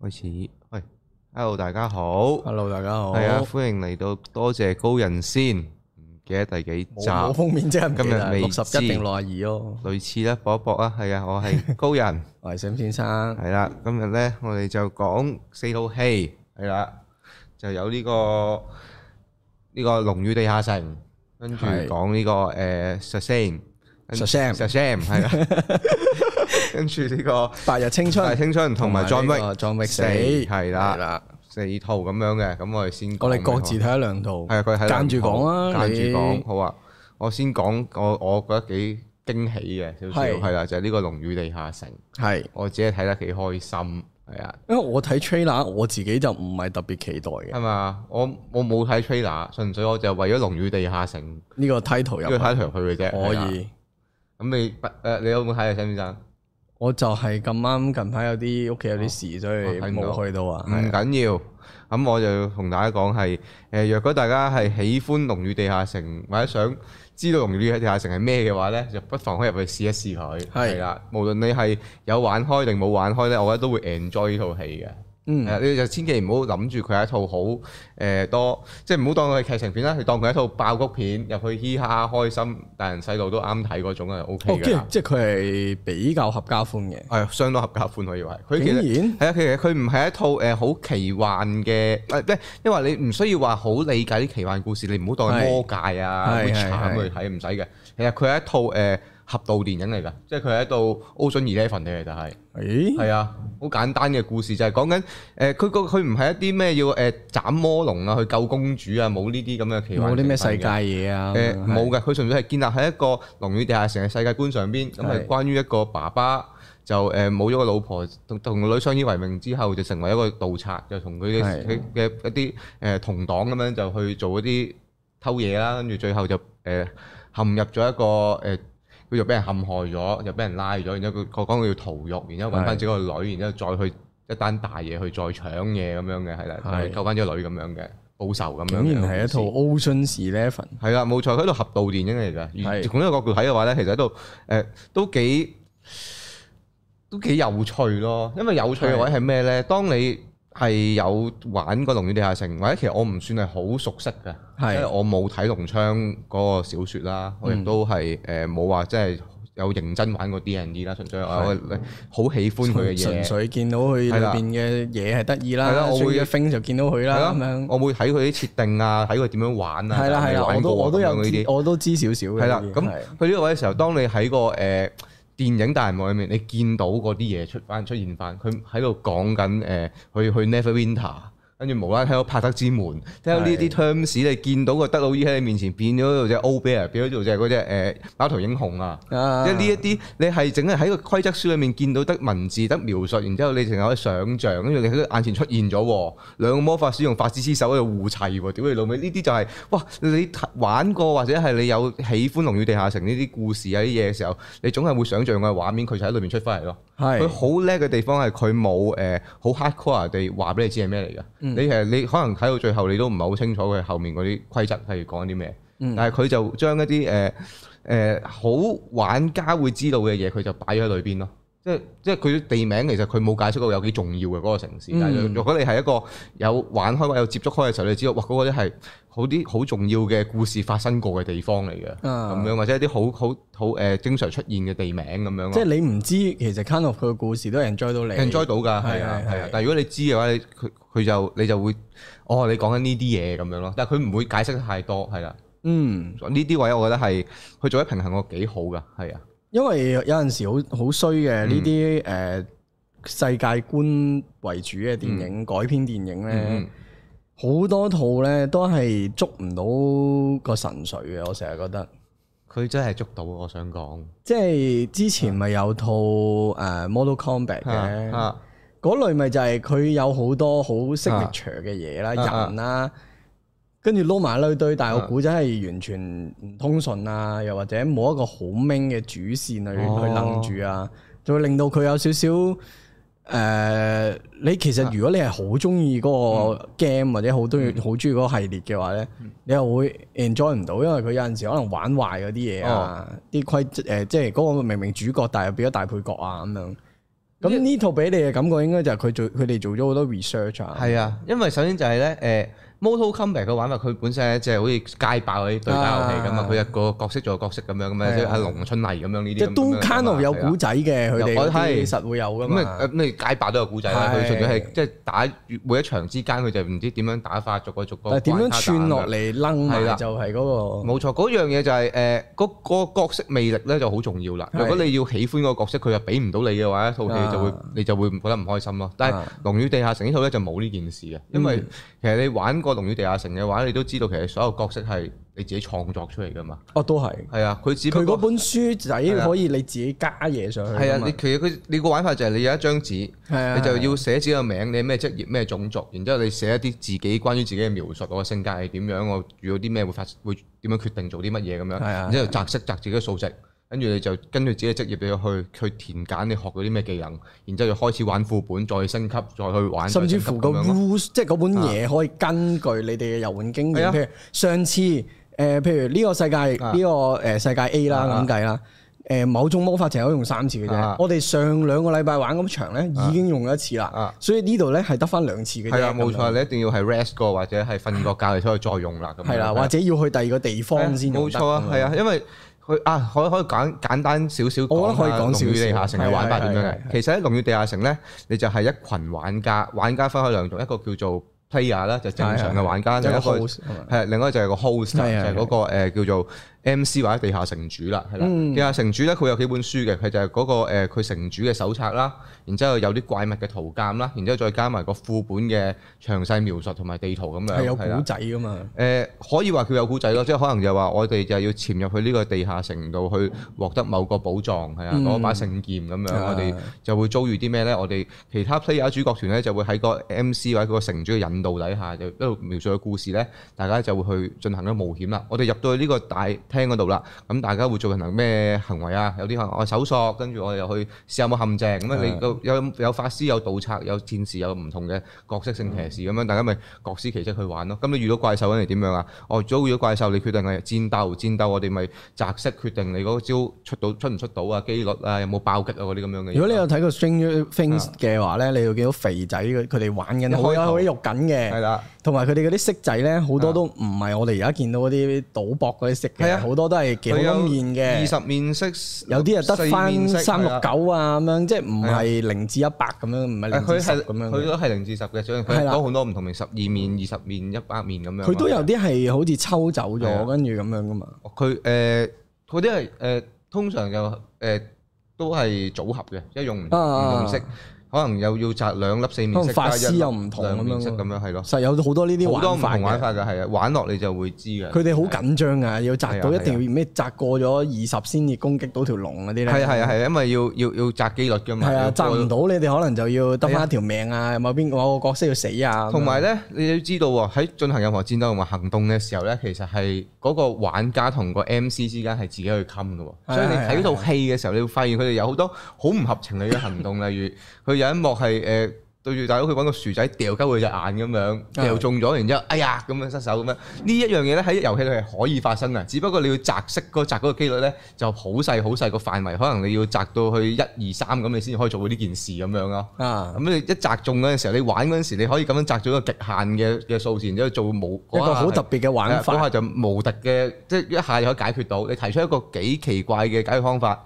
開始，喂，Hello，大家好，Hello，大家好，係啊，歡迎嚟到，多謝高人先，唔記得第幾集封面，即係今日六十一定內二咯，類似啦，搏一搏啊，係啊，我係高人，我係 Sam 先生，係啦，今日咧我哋就講四套戲，係啦，就有呢個呢個龍與地下城，跟住講呢個誒 Shazam，Shazam，Shazam，係啦。跟住呢個《白日青春》，《青春》同埋《John Wick》四係啦，四套咁樣嘅，咁我哋先。我哋各自睇一兩套。係啊，佢係間住講啊，間住講好啊。我先講，我我覺得幾驚喜嘅，少少係啦，就係呢個《龍與地下城》。係，我自己睇得幾開心，係啊。因為我睇 trailer，我自己就唔係特別期待嘅。係嘛，我我冇睇 trailer，純粹我就為咗《龍與地下城》呢個 title 入，呢個 title 去嘅啫。可以。咁你誒，你有冇睇啊，Sam 先生？我就係咁啱近排有啲屋企有啲事，哦、所以冇去到啊。唔的的緊要，咁我就同大家講係，誒、呃、若果大家係喜歡《龍與地下城》或者想知道《龍與地下城》係咩嘅話咧，就不妨可以入去試一試佢。係啦的，的無論你係有玩開定冇玩開咧，我覺得都會 enjoy 呢套戲嘅。嗯，你就千祈唔好諗住佢係一套好誒多，即係唔好當佢係劇情片啦，係當佢一套爆谷片入去，嘻嘻哈哈開心，大人細路都啱睇嗰種啊，O K 嘅。即係佢係比較合家歡嘅，係、嗯、相當合家歡可以話。佢竟然，係啊，其實佢唔係一套誒好奇幻嘅誒，因為你唔需要話好理解啲奇幻故事，你唔好當佢魔戒啊，是會慘去睇唔使嘅。其實佢係一套誒俠盜電影嚟㗎，即係佢係一套 Ocean Eleven 嚟嘅就係。嗯誒，係啊，好簡單嘅故事就係講緊，誒、呃，佢個佢唔係一啲咩要誒斬、呃、魔龍啊，去救公主啊，冇呢啲咁嘅奇幻。冇啲咩世界嘢啊？誒、呃，冇嘅、嗯，佢純粹係建立喺一個龍與地下城嘅世界觀上邊，咁係關於一個爸爸就誒冇咗個老婆，同同個女相依為命之後，就成為一個盜賊，就是的 同佢嘅嘅一啲誒同黨咁樣就去做一啲偷嘢啦，跟住最後就誒、呃、陷入咗一個誒。呃呃佢就俾人陷害咗，就俾人拉咗，然之後佢講佢要逃獄，然之後揾翻自己個女，的然之後再去一單大嘢去再搶嘢咁樣嘅，係啦，的救翻咗女咁樣嘅報仇咁樣嘅。呢係一套 Ocean's Eleven 係啦，冇錯，佢喺度俠盜電影嚟㗎。而從呢個角度睇嘅話咧，其實喺度誒都幾都幾有趣咯。因為有趣嘅位係咩咧？的當你係有玩過《龍與地下城》，或者其實我唔算係好熟悉嘅，因為我冇睇龍槍嗰個小説啦，我亦都係誒冇話即係有認真玩過 DND 啦，純粹我好喜歡佢嘅嘢。純粹見到佢入邊嘅嘢係得意啦，我會一飛就見到佢啦咁樣。我會睇佢啲設定啊，睇佢點樣玩啊。係啦係啦，我都我都有知，我都知少少嘅。係啦，咁去呢個位嘅時候，當你喺個誒。電影大銀幕入面，你見到嗰啲嘢出翻出現翻，佢喺度講緊誒，去去 Neverwinter。跟住無啦啦睇到帕德之門，聽到呢啲 terms 你見到個德魯伊喺你面前變咗做隻 Owlbear 啊，變咗做隻嗰隻誒貓頭鷹熊啊，即係呢一啲你係整係喺個規則書裏面見到得文字得描述，然之後你淨係可以想像，跟住你喺眼前出現咗，兩個魔法師用法師之手喺度互砌喎，屌你老味，呢啲就係哇你玩過或者係你有喜歡龍與地下城呢啲故事啊啲嘢嘅時候，你總係會想像嘅畫面佢就喺裏面出翻嚟咯。佢好叻嘅地方係佢冇誒好 hardcore 地話俾你知係咩嚟㗎。你誒，你可能睇到最後，你都唔係好清楚佢後面嗰啲規則，例如講啲咩。但係佢就將一啲誒誒好玩家會知道嘅嘢，佢就擺喺裏邊咯。即係即係佢地名其實佢冇解釋到有幾重要嘅嗰個城市。嗯、但係如果你係一個有玩開或有接觸開嘅時候，你就知道哇，嗰、嗰個啲係，好啲好重要嘅故事發生過嘅地方嚟嘅，咁樣或者一啲好好好誒經常出現嘅地名咁樣。即係你唔知，其實卡諾嘅故事都係 enjoy 到你 enjoy 到㗎，係啊係啊。但係如果你知嘅話，佢佢就你就會哦，你講緊呢啲嘢咁樣咯。但係佢唔會解釋太多，係啦。嗯，呢啲位我覺得係佢做咗平衡我幾好㗎，係啊。因為有陣時好好衰嘅呢啲誒世界觀為主嘅電影改編電影咧。好多套咧都係捉唔到個神髓嘅，我成日覺得佢真係捉到。我想講，即係之前咪有套誒、啊啊、Model Combat 嘅，嗰、啊、類咪就係佢有好多好 signature 嘅嘢啦，啊、人啦、啊，跟住攞埋一堆，啊、但係我估真係完全唔通順啊，又或者冇一個好明嘅主線去去楞住啊，啊就會令到佢有少少。誒、呃，你其實如果你係好中意嗰個 game 或者好多好中意嗰個系列嘅話咧，嗯嗯、你又會 enjoy 唔到，因為佢有陣時可能玩壞嗰啲嘢啊，啲規誒，即係嗰個明明主角，但係變咗大配角啊咁樣。咁呢套俾你嘅感覺應該就係佢做佢哋做咗好多 research 啊。係啊，因為首先就係咧誒。呃 Mortal Kombat 佢玩法佢本身咧，即係好似街霸嗰啲對打遊戲咁啊，佢一個角色做角色咁樣咁樣，即係阿龍、春麗咁樣呢啲。即係都 kind of 有故仔嘅佢哋，其實會有噶嘛。咁啊咁啊街霸都有故仔，佢純粹係即係打每一場之間佢就唔知點樣打法，逐個逐個。但係點樣串落嚟擰埋就係嗰個。冇錯，嗰樣嘢就係誒嗰個角色魅力咧就好重要啦。如果你要喜歡個角色，佢又俾唔到你嘅話，一套戲就會你就會覺得唔開心咯。但係龍與地下城呢套咧就冇呢件事嘅，因為其實你玩。個龍與地下城嘅話，你都知道其實所有角色係你自己創作出嚟噶嘛。哦、啊，都係，係啊，佢只佢嗰本書仔可以你自己加嘢上去。係啊，麼啊，你其實佢你個玩法就係你有一張紙，啊、你就要寫自己個名，你咩職業咩種族，然之後你寫一啲自己關於自己嘅描述，我性格係點樣，我遇到啲咩會發會點樣決定做啲乜嘢咁樣，啊、然之後擇色擇自己嘅數值。跟住你就跟住自己嘅職業，你要去去填揀你學嗰啲咩技能，然之後就開始玩副本，再升級，再去玩，甚至乎即係嗰本嘢可以根據你哋嘅遊玩經驗。譬如上次誒，譬如呢個世界呢個誒世界 A 啦咁計啦，誒某種魔法淨係可以用三次嘅啫。我哋上兩個禮拜玩咁長咧，已經用一次啦，所以呢度咧係得翻兩次嘅。係啊，冇錯，你一定要係 rest 過或者係瞓個覺，你出去再用啦。係啦，或者要去第二個地方先，冇錯啊。係啊，因為。佢啊，可以可以簡簡單少少講下我覺得可以講《龍與地下城》嘅玩法點樣嘅？其實喺《龍與地下城》咧，你就係一群玩家，玩家分開兩種，一個叫做 player 啦，就正常嘅玩家，的一個係另外就係個 host，的就係嗰、那個的、呃、叫做。M.C. 或者地下城主啦，係啦。嗯、地下城主咧，佢有幾本書嘅，佢就係嗰、嗰個誒，佢、呃、城主嘅手冊啦，然之後有啲怪物嘅圖鑑啦，然之後再加埋個副本嘅詳細描述同埋地圖咁樣。係有古仔噶嘛？誒、呃，可以話佢有古仔咯，即係可能就話我哋就要潛入去呢個地下城度去獲得某個寶藏，係啊，攞、嗯、把聖劍咁樣。的我哋就會遭遇啲咩咧？我哋其他 player 主角團咧就會喺個 M.C. 或者佢個城主嘅引導底下，就一路描述個故事咧。大家就會去進行咗冒險啦。我哋入到去呢個大。廳嗰度啦，咁大家會進行咩行為啊？有啲行我搜索，跟住我哋又去試下有冇陷阱。咁樣你有有法師、有盜賊、有戰士、有唔同嘅角色聖騎士咁樣，大家咪各司其職去玩咯。咁你遇到怪獸嗰陣時點樣啊？哦，遭遇到怪獸，你決定係戰鬥，戰鬥，我哋咪擲骰決定你嗰招出到出唔出到啊？機率啊，有冇爆擊啊？嗰啲咁樣嘅。如果你有睇過 Stranger Things 嘅話咧，你會見到肥仔佢哋玩緊好好肉緊嘅，係啦，同埋佢哋嗰啲色仔咧好多都唔係我哋而家見到嗰啲賭博嗰啲骰。好多都係幾多面嘅，二十面色，面色有啲又得返三六九啊咁樣，即係唔係零至一百咁樣，唔係零至咁樣。佢都係零至十嘅，所以佢多好多唔同面，十二面、二十面、一百面咁樣。佢都有啲係好似抽走咗，跟住咁樣㗎嘛。佢誒，佢啲係誒，通常就誒、呃、都係組合嘅，一用唔同色。啊可能又要擲兩粒四面色加一兩面色咁樣，係咯，實有好多呢啲玩法，好多唔同玩法嘅係啊，玩落你就會知嘅。佢哋好緊張啊，要擲到一定要咩？擲過咗二十先至攻擊到條龍嗰啲咧。係啊係啊係啊，因為要要要擲機率㗎嘛。係啊，擲唔到你哋可能就要得翻一條命啊，有冇邊個角色要死啊？同埋咧，你要知道喎，喺進行任何戰鬥同埋行動嘅時候咧，其實係嗰個玩家同個 MC 之間係自己去冚㗎喎。所以你睇套戲嘅時候，你會發現佢哋有好多好唔合情理嘅行動，例如佢。有一幕係誒、呃、對住大佬，佢揾個薯仔掉鳩佢隻眼咁樣，又中咗，然之後哎呀咁樣失手咁樣。呢一樣嘢咧喺遊戲度係可以發生嘅，只不過你要擲色嗰擲嗰個機率咧就好細好細個範圍，可能你要擲到去一二三咁，你先可以做到呢件事咁樣咯。啊，咁你一擲中嗰陣時候，你玩嗰陣時你可以咁樣擲咗個極限嘅嘅數字，然之後做冇一個好特別嘅玩法，嗰、下就無敵嘅，即、就、係、是、一下就可以解決到。你提出一個幾奇怪嘅解決方法。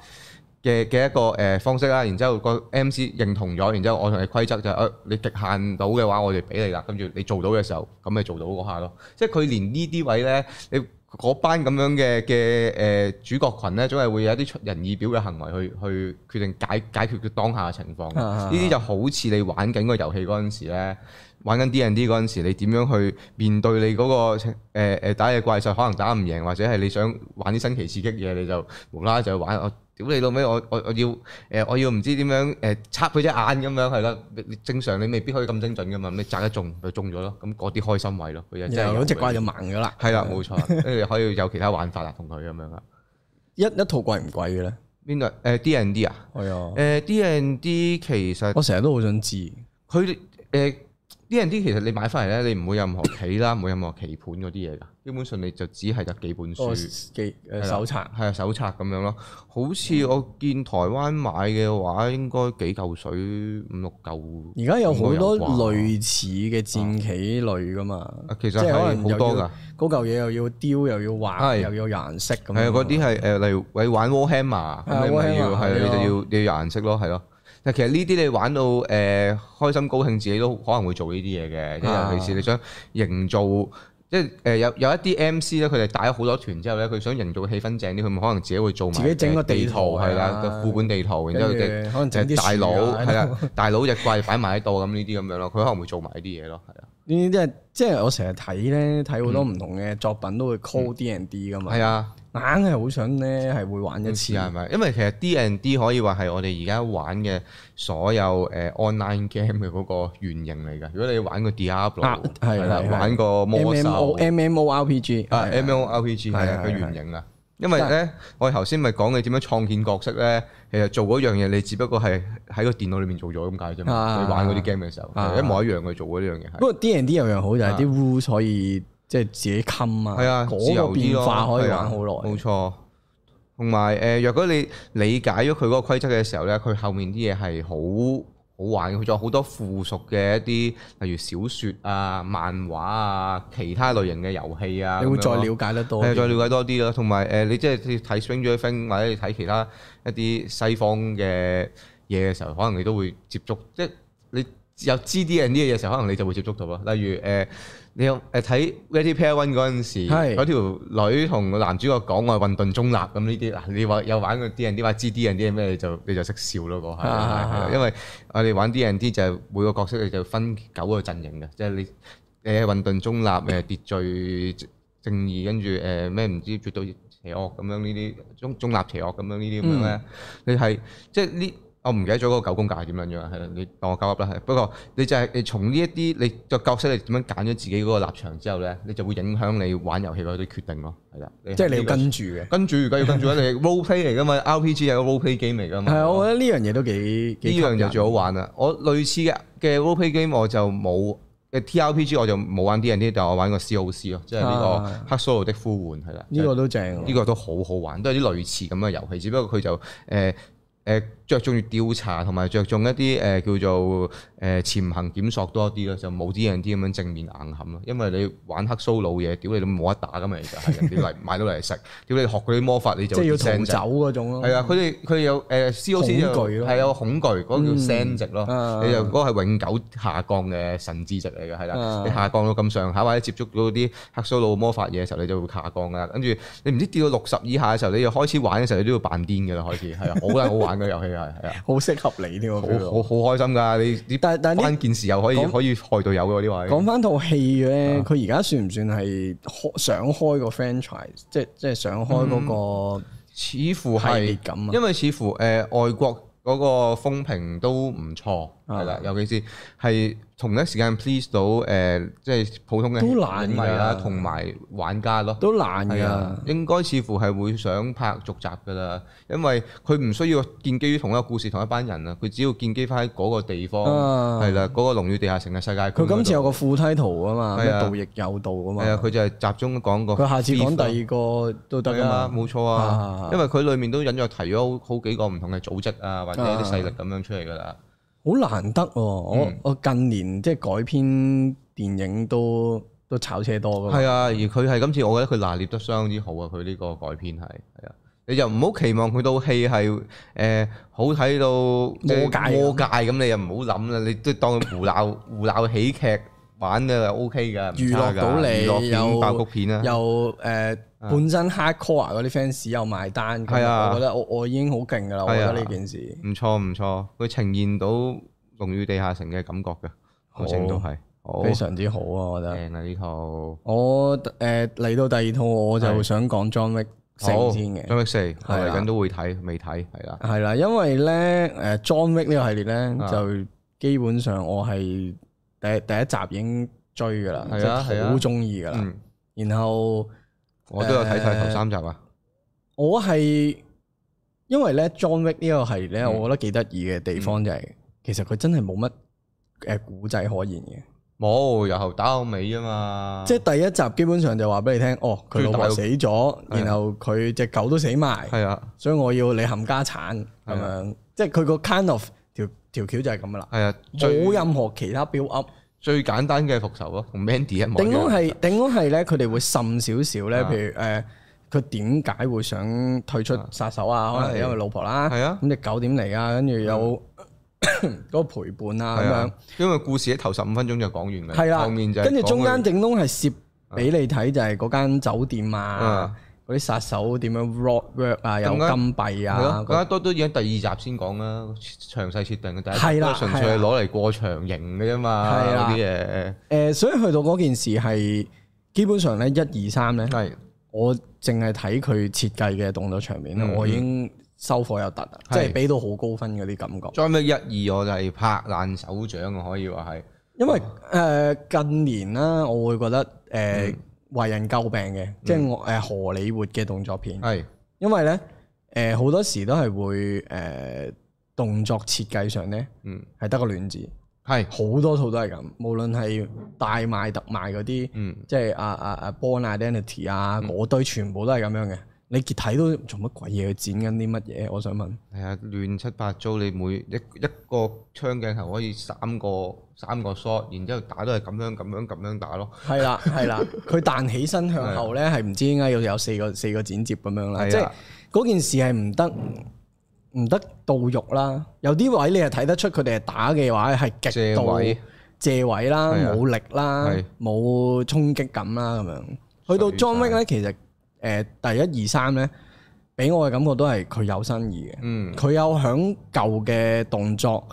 嘅嘅一個誒方式啦，然之後個 M C 認同咗，然之後我同你規則就誒、係啊，你極限到嘅話，我哋俾你啦。跟住你做到嘅時候，咁咪做到嗰下咯。即係佢連呢啲位咧，你嗰班咁樣嘅嘅誒主角群咧，總係會有一啲出人意表嘅行為去去決定解解決佢當下嘅情況。呢啲 就好似你玩緊個遊戲嗰陣時咧，玩緊 D&D 嗰陣時，你點樣去面對你嗰、嗰個誒誒、呃、打野怪獸，可能打唔贏，或者係你想玩啲新奇刺激嘢，你就無啦啦就去玩。屌你老味，我我我要誒，我要唔知點樣誒，插佢隻眼咁樣係啦。正常你未必可以咁精準噶嘛，你砸得中就中咗咯。咁嗰啲開心位咯，有隻怪就盲咗啦。係啦對，冇對錯，跟住 可以有其他玩法啊，同佢咁樣啊。 一一套貴唔貴嘅咧？邊個？誒、呃、D&D 啊？ 係啊、呃。誒 D&D 其實我成日都好想知，佢誒、呃、D&D 其實你買翻嚟咧，你唔會有任何棋啦，唔 會有任何棋盤嗰啲嘢㗎。基本上你就只係得幾本書，幾誒、哦呃、手冊，係啊手冊咁樣咯。好似我見台灣買嘅話，應該幾嚿水五六嚿。而家有好多類似嘅戰棋類噶嘛，即係可能又要嗰嚿嘢又要雕，又要畫，是又要顏色咁。係啊，嗰啲係誒，例如玩 Warhammer 要係的你就要 War hammer，要顏色咯，係咯。但其實呢啲你玩到誒、呃、開心高興，自己都可能會做呢啲嘢嘅，的尤其是你想營造。即係誒有有一啲 MC 咧，佢哋帶咗好多團之後咧，佢想營造氣氛正啲，佢咪可能自己會做埋。自己整個地圖係、啊、啦，個副本地圖，的然之後佢哋的可能整啲大佬係啦，大佬嘅怪擺埋喺度咁呢啲咁樣咯，佢可能會做埋呢啲嘢咯，係啊。呢啲即係即係我成日睇咧，睇好多唔同嘅作品都會 call D&D、嗯、噶嘛。係啊。硬係好想咧，係會玩一次係咪？因為其實 D and D 可以話係我哋而家玩嘅所有誒 online game 嘅嗰個原型嚟㗎。如果你玩個 d a r 玩 l 係係玩個 M M O M O R P G 啊 M M O R P G 係啊，個原型啊。因為咧，我哋頭先咪講嘅點樣創建角色咧，其實做嗰樣嘢，你只不過係喺個電腦裏面做咗咁解啫嘛。你玩嗰啲 game 嘅時候，一模一樣去做嗰啲樣嘢。不過 D and D 有樣好，就係啲 rules 可以。即係自己冚啊！嗰個變化可以玩好耐，冇錯。同埋誒，呃、若果你理解咗佢嗰個規則嘅時候咧，佢後面啲嘢係好好玩。佢仲有好多附屬嘅一啲，例如小説啊、漫畫啊、其他類型嘅遊戲啊，你會再了解得多。誒，再了解多啲咯。同埋誒，你即係睇《Stranger Things》或者你睇其他一啲西方嘅嘢嘅時候，可能你都會接觸。即係你有知啲人啲嘢嘅時候，可能你就會接觸到咯。例如誒。呃你有誒睇《Ready Player One》嗰陣時，嗰條女同個男主角講話混沌中立咁呢啲啦。你話有玩過 DND，啲話知 DND 咩就你就識笑咯嗰下，因為我哋玩 DND 就每個角色你就分九個陣營嘅，即係你誒混沌中立誒秩序正義，跟住誒咩唔知絕對邪惡咁樣呢啲中中立邪惡咁樣呢啲咁咧，這這樣嗯、你係、就是、即係呢？我唔記得咗嗰個九宮格係點樣樣，係啦，你當我交級啦。係不過，你就係你從呢一啲，你嘅角色你點樣揀咗自己嗰個立場之後咧，你就會影響你玩遊戲嗰啲決定咯。係啦，即係你，你跟跟要跟住嘅，跟住如果要跟住啊！你 role play 嚟㗎嘛，RPG 係個 role play game 嚟㗎嘛。係的，我覺得呢樣嘢都幾，呢我樣嘢最好玩啊！我類似嘅嘅 role play game 我就冇嘅 TRPG 我就冇玩 DND。但我玩過 COC 咯，即係呢個《克蘇魯的呼喚》係啦。呢、啊就是、個都正、啊，呢個都好好玩，都係啲類似咁嘅遊戲，只不過佢就誒誒。呃呃呃呃呃呃呃呃着重於調查同埋着重一啲誒、呃、叫做誒、呃、潛行檢索多啲咯，就冇 D&D 啲咁樣正面硬撼咯。因為你玩克蘇魯嘢，屌你都冇得打噶嘛，而、就是、家係人哋嚟買到嚟食，屌你學嗰啲魔法你就即係要走嗰種咯。係啊， 佢哋佢有誒 COS、呃、有恐懼咯，係有恐懼嗰叫聲值咯，你就嗰個係永久下降嘅神智值嚟嘅，係啦， 你下降到咁上下或者接觸到啲克蘇魯魔法嘢嘅時候，你就會下降噶啦。跟住你唔知跌到六十以下嘅時候，你又開始玩嘅時，時候，你都要扮癲噶啦，開始係啊，好鬼好玩嘅遊戲啊！ 係係啊，好適合你啲喎，好好好開心㗎你，但但關鍵事又可以說可以害隊友嘅呢話。講翻套戲嘅，佢而家算唔算係想開個 franchise？的即即係想開嗰、那個、嗯，似乎係咁。因為似乎誒、呃，外國嗰個風評都唔錯係啦，尤其是係。同一時間 please 到誒、呃，即係普通嘅都難啦，同埋玩家咯，都難嘅，應該似乎係會想拍續集㗎啦，因為佢唔需要建基於同一個故事同一班人啊，佢只要建基翻喺嗰個地方係啦，嗰、啊嗰個龍與地下城嘅世界。佢今次有個副梯圖啊嘛，咩道亦有道啊嘛，係啊，佢就係集中講個。佢下次講第二個都得㗎，冇錯啊，啊啊啊因為佢裡面都引咗提咗好好幾個唔同嘅組織啊，或者啲勢力咁樣出嚟㗎啦。啊啊啊啊好難得喎、啊！我、嗯、我近年即係改編電影都都炒車多㗎。係啊，而佢係今次，我覺得佢拿捏得相當之好啊！佢呢個改編係係啊，你就唔好期望佢套戲係誒、呃、好睇到魔戒。魔戒戒咁、啊，你又唔好諗啦，你即係當佢胡鬧 胡鬧喜劇玩嘅就 O K 㗎，娛樂到你又爆谷片啦又誒。有本身 hardcore 嗰啲 fans 又埋單，我覺得我我已經好勁噶啦，我覺得呢件事唔錯唔錯，佢呈現到龍與地下城嘅感覺嘅，整都係非常之好啊！我覺得。靚啊呢套！我誒嚟到第二套，我就想講 John Wick 四先嘅。John Wick 四嚟緊都會睇，未睇係啦。係啦，因為咧誒 John Wick 呢個系列咧，就基本上我係第第一集已經追噶啦，即係好中意噶啦，然後。我都有睇晒頭三集啊！我係因為咧，John Wick 呢個系咧，我覺得幾得意嘅地方、嗯、就係、是，其實佢真係冇乜誒古仔可言嘅。冇、哦，由頭打到尾啊嘛！即係第一集基本上就話俾你聽，哦，佢老婆死咗，大然後佢隻狗都死埋。係啊的，的所以我要你冚家產咁樣，的即係佢個 kind of 條條橋就係咁噶啦。係啊，冇任何其他 build up。最簡單嘅復仇咯，同 Mandy 一模一樣。頂籠係，頂籠係咧，佢哋會滲少少咧。譬如誒，佢點解會想退出殺手啊？啊可能因為老婆啦。係啊，咁隻狗點嚟啊？跟住有嗰、嗯 嗰個陪伴啊咁、啊、樣。因為故事喺頭十五分鐘就講完啦，後、啊、面就跟住中間頂籠係攝俾你睇，就係嗰間酒店啊。啊啊啲殺手點樣 rock work 啊，有金幣啊，咁啊都已經第二集先講啦，詳細設定嘅第一集都的純粹係攞嚟過場型嘅啫嘛，嗰啲嘢。誒、呃，所以去到嗰件事係基本上咧，一二三咧，是我淨係睇佢設計嘅動作場面咧，的我已經收貨有突啦，的即係俾到好高分嗰啲感覺。再咩一二我就係拍爛手掌，我可以話係。因為誒、呃、 近年咧，我會覺得誒，呃嗯為人詬病嘅，即係我誒荷里活嘅動作片，係是因為咧誒好多時都係會誒、呃、動作設計上咧，係、嗯、得個亂字，係好是多套都係咁，無論係大賣特賣嗰啲，嗯、即係啊啊啊《Born Identity》啊，嗰、啊、堆、啊嗯、全部都係咁樣嘅。你睇到做乜鬼嘢？剪緊啲乜嘢？我想問。係啊，亂七八糟。你每一一個槍鏡頭可以三個三個 shot 然之後打都係咁樣咁樣咁樣打咯。係啦、啊，係啦、啊。佢彈起身向後咧，係唔知應該要有四個四個剪接咁樣啦。即係嗰件事係唔得唔得到肉啦。有啲位你係睇得出佢哋係打嘅話係極度借位啦，冇力啦，冇、啊啊、衝擊感啦咁樣。去到 John Wick 咧，了其實～誒第一二三咧，俾我嘅感覺都係佢有新意嘅。嗯，佢有響舊嘅動作、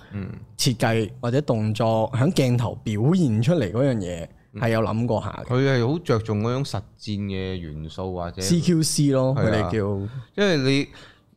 設計或者動作響鏡頭表現出嚟嗰樣嘢係有諗過下。佢係好着重嗰種實戰嘅元素或者 CQC 咯，佢哋、啊、叫。因為你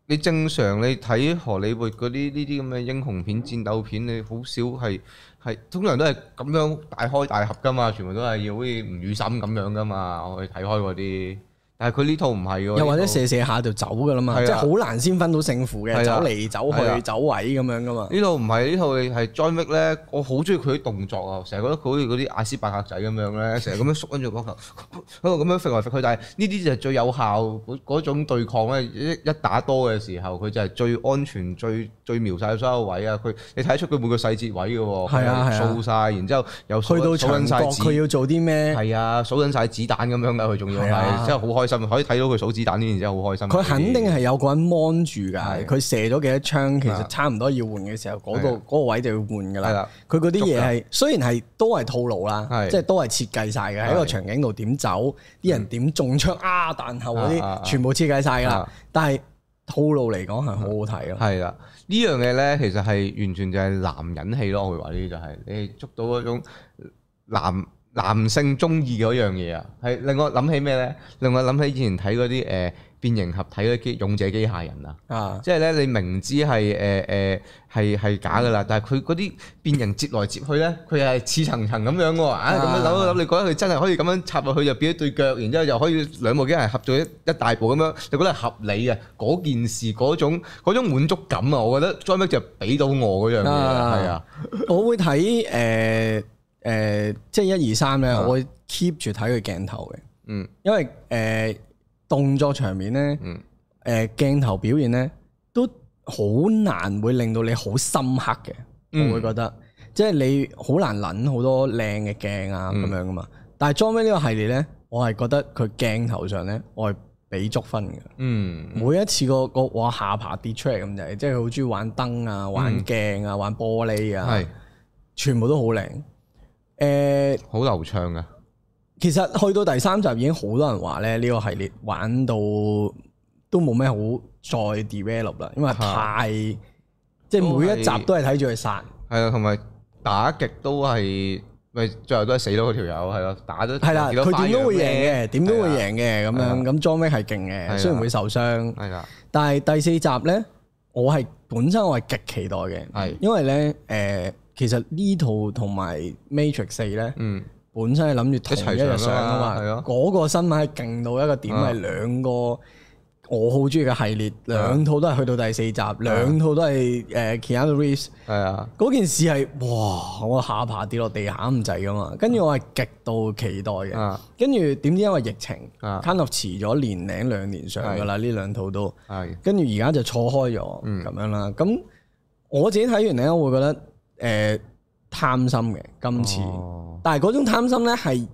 你正常你睇荷里活嗰啲呢啲咁嘅英雄片、戰鬥片，你好少係係通常都係咁樣大開大合噶嘛，全部都係要好似吳宇森咁樣噶嘛，我去睇開嗰啲。係佢呢套唔係喎，又或者射射下就走噶啦嘛，是啊、即係好難先分到勝負嘅，走嚟走去走位咁樣噶嘛。呢、啊啊、套唔係呢套係 John Wick 咧，我好中意佢啲動作啊，成日覺得佢好似嗰啲亞斯伯格仔咁樣咧，成日咁樣縮喺住個球，喺度咁樣揈嚟揈去。但係呢啲就係最有效嗰嗰種對抗咧，一打多嘅時候，佢就係最安全、最最瞄曬所有位啊！你睇得出佢每個細節位嘅喎，係啊，掃曬，然之後又去到佢要做啲咩？係啊，數緊晒子彈咁樣啦，佢仲要係真係好開。就可以睇到佢數子彈呢件然之後好開心。佢肯定係有個人 mon 住㗎，佢射咗幾多槍，其實差唔多要換嘅時候，嗰個位就要換㗎啦。佢嗰啲嘢係雖然係都係套路啦，即係都係設計晒嘅，喺個場景度點走，啲人點中槍啊彈後嗰啲，全部設計曬㗎。但係套路嚟講係好好睇咯。係啦，呢樣嘢咧，其實係完全就係男人戲咯。我會話呢啲就係你捉到嗰種男。男性中意嗰樣嘢啊，係令我諗起咩呢？令我諗起以前睇嗰啲誒變形合體嗰啲勇者機械人啊！即係呢，你明知係誒誒係係假噶啦，但係佢嗰啲變形接來接去呢，佢係似層層咁樣喎！啊！咁啊，諗諗，你覺得佢真係可以咁樣插落去就變咗對腳，然之後又可以兩部機械人合做一一大部咁樣，你覺得合理啊？嗰件事嗰種嗰種滿足感啊，我覺得最尾就俾到我嗰樣嘢係啊！啊啊我會睇誒。呃誒，即係一二三咧，我會 keep 住睇佢鏡頭嘅。嗯，因為誒動作場面咧，誒鏡頭表現咧都好難會令到你好深刻嘅。我會覺得，即係你好難諗好多靚嘅鏡啊咁樣噶嘛。但係 John Wick 呢個系列咧，我係覺得佢鏡頭上咧，我係俾足分嘅。嗯，每一次個個我下拍 d 出嚟 e 咁就係，即係好中意玩燈啊、玩鏡啊、玩玻璃啊，係全部都好靚。誒，好流暢噶。其實去到第三集已經好多人話咧，呢個系列玩到都冇咩好再 develop 啦，因為太即係每一集都係睇住佢殺，係啊，同埋打極都係，咪最後都係死咗個條友，係咯，打咗係啦，佢點都會贏嘅，點都會贏嘅，咁樣咁裝備係勁嘅，雖然會受傷，係啦，但係第四集咧，我係本身我係極期待嘅，係，因為咧，誒。其實呢套同埋 Matrix 四咧，本身係諗住一齊一日上噶嘛。嗰個新聞係勁到一個點，係兩個我好中意嘅系列，兩套都係去到第四集，兩套都係誒。Keanu Reeves 係啊，嗰件事係哇，我下巴跌落地下咁滯噶嘛。跟住我係極度期待嘅。跟住點知因為疫情，Keanu 遲咗年零兩年上噶啦，呢兩套都係。跟住而家就錯開咗，咁樣啦。咁我自己睇完呢，我會覺得。誒、呃、貪心嘅今次，哦、但係嗰種貪心咧係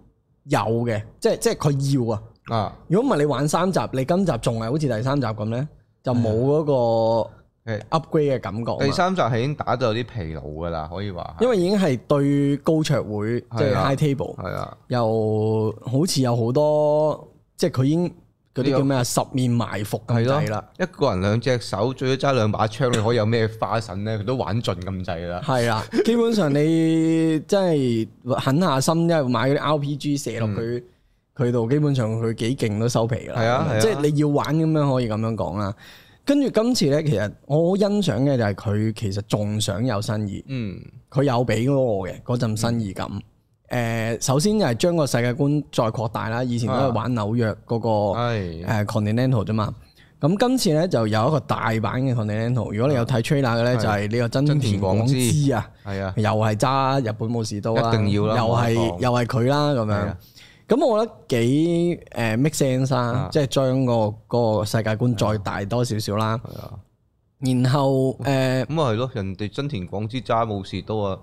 有嘅，即係即係佢要啊！啊，如果唔係你玩三集，你今集仲係好似第三集咁咧，嗯、就冇嗰個 upgrade 嘅感覺。第三集係已經打到有啲疲勞噶啦，可以話。因為已經係對高桌會，即、就、係、是、high table，係啊，又好似有好多，即係佢已經。嗰啲叫咩啊？十面埋伏係咯，一個人兩隻手，最多揸兩把槍，你可以有咩花臣咧？佢 都玩盡咁制咁滯啦。係啦，基本上你真係狠下心，因為買嗰啲 RPG 射落佢佢度，嗯、基本上佢幾勁都收皮㗎啦。係啊、嗯，即係你要玩咁樣可以咁樣講啦。跟住、啊啊、今次咧，其實我好欣賞嘅就係佢其實仲想有新意。嗯，佢有俾我嘅嗰陣新意感。誒，首先就係將個世界觀再擴大啦。以前都係玩紐約嗰個誒 Continental 啫嘛，啊。咁今次咧就有一個大阪嘅 Continental。如果你有睇 trailer 嘅咧，啊、就係呢個真田廣之，真田廣之啊，又係揸日本武士刀啊，一定要啦，又係又係佢啦咁樣。咁我覺得幾誒 make sense 啊，即係將個嗰世界觀再大多少少啦。啊啊、然後誒，咁啊係咯， 人哋真田廣之揸武士刀啊。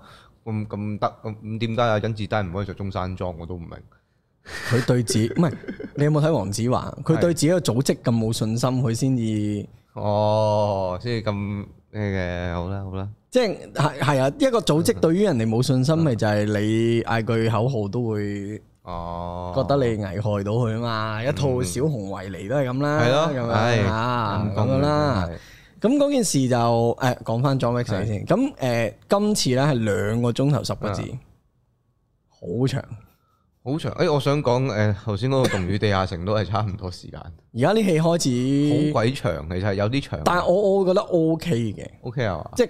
咁咁得咁，點解啊，甄子丹唔可以著中山裝？我都唔明。佢對自己唔係你有冇睇黃子華？佢對自己個組織咁冇信心，佢先至哦，先至咁咩嘅好啦好啦。即係係啊，一個組織對於人哋冇信心，咪就係你嗌句口號都會哦，覺得你危害到佢啊嘛。一套小熊維尼都係咁啦，係咯咁樣啊，咁樣啦。咁嗰件事就誒講翻 John Wick 先，咁誒今次咧係兩個鐘頭十個字，好長好長。誒，我想講誒，頭先嗰個《龍與地下城》都係差唔多時間。而家啲戲開始好鬼長，其實有啲長。但係我我覺得 O K 嘅，O K 啊，即係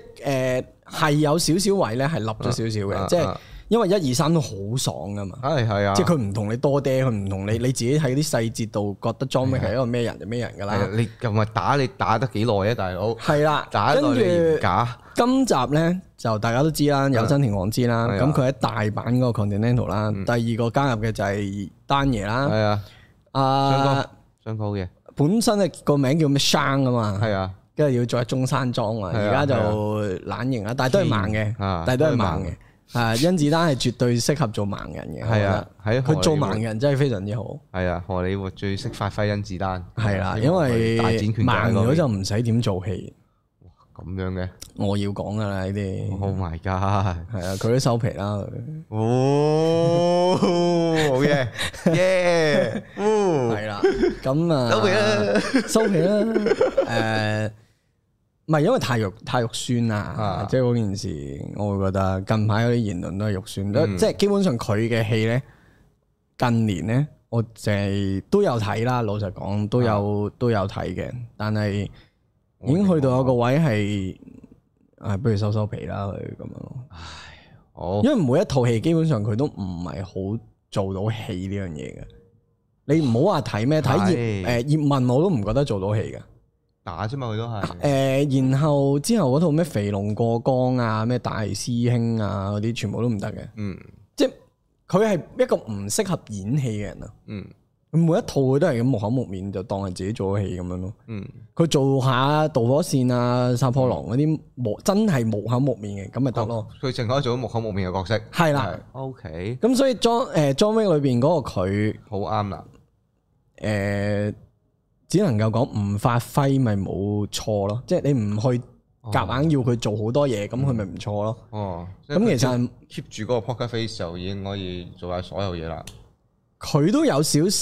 誒係有少少位咧係立咗少少嘅，即係。因為一二三都好爽噶嘛，即係佢唔同你多爹，佢唔同你你自己喺啲細節度覺得裝咩係一個咩人就咩人噶啦。你咁咪打你打得幾耐啊大佬？係啦，跟住。假今集咧就大家都知啦，有真田廣之啦，咁佢喺大阪嗰個 Continental 啦，第二個加入嘅就係丹爺啦。係啊，啊，雙好嘅。本身咧個名叫咩山噶嘛，係啊，跟住要着喺中山裝啊，而家就懶型啊，但係都係猛嘅，但係都係猛嘅。啊，甄子丹係絕對適合做盲人嘅。係啊，喺佢做盲人真係非常之好。係啊，荷里活最識發揮甄子丹。係啦，因為盲咗就唔使點做戲。咁樣嘅，我要講噶啦呢啲。Oh my god！係啊，佢都收皮啦。哦，好嘢耶！yeah 係啦，咁啊，收皮啦，收皮啦，誒。唔係，因為太肉太肉酸啦，啊、即係嗰件事，我會覺得近排嗰啲言論都係肉酸，嗯、即係基本上佢嘅戲咧，近年咧，我淨係都有睇啦。老實講，都有、啊、都有睇嘅，但係已經去到有個位係、啊啊啊，不如收收皮啦，佢咁樣咯。唉好，因為每一套戲基本上佢都唔係好做到戲呢樣嘢嘅。你唔好話睇咩睇葉誒葉問，是呃、我都唔覺得做到戲嘅。打啫嘛，佢都係誒，然後之後嗰套咩肥龍過江啊，咩大師兄啊，嗰啲全部都唔得嘅。嗯，即係佢係一個唔適合演戲嘅人啊。嗯，每一套佢都係咁木口木面，就當係自己戲、嗯、做戲咁樣咯。嗯，佢做下導火線啊、殺破狼嗰啲無真係木口木面嘅，咁咪得咯。佢淨可以做咗木口木面嘅角色。係啦。O K。咁所以 John 誒 John Wick 裏邊嗰個佢好啱啦。誒。呃只能夠講唔發揮咪冇錯咯，即係你唔去夾硬，硬要佢做好多嘢，咁佢咪唔錯咯。哦，咁其實 keep 住嗰個 poker face 就已經可以做下所有嘢啦。佢都有少少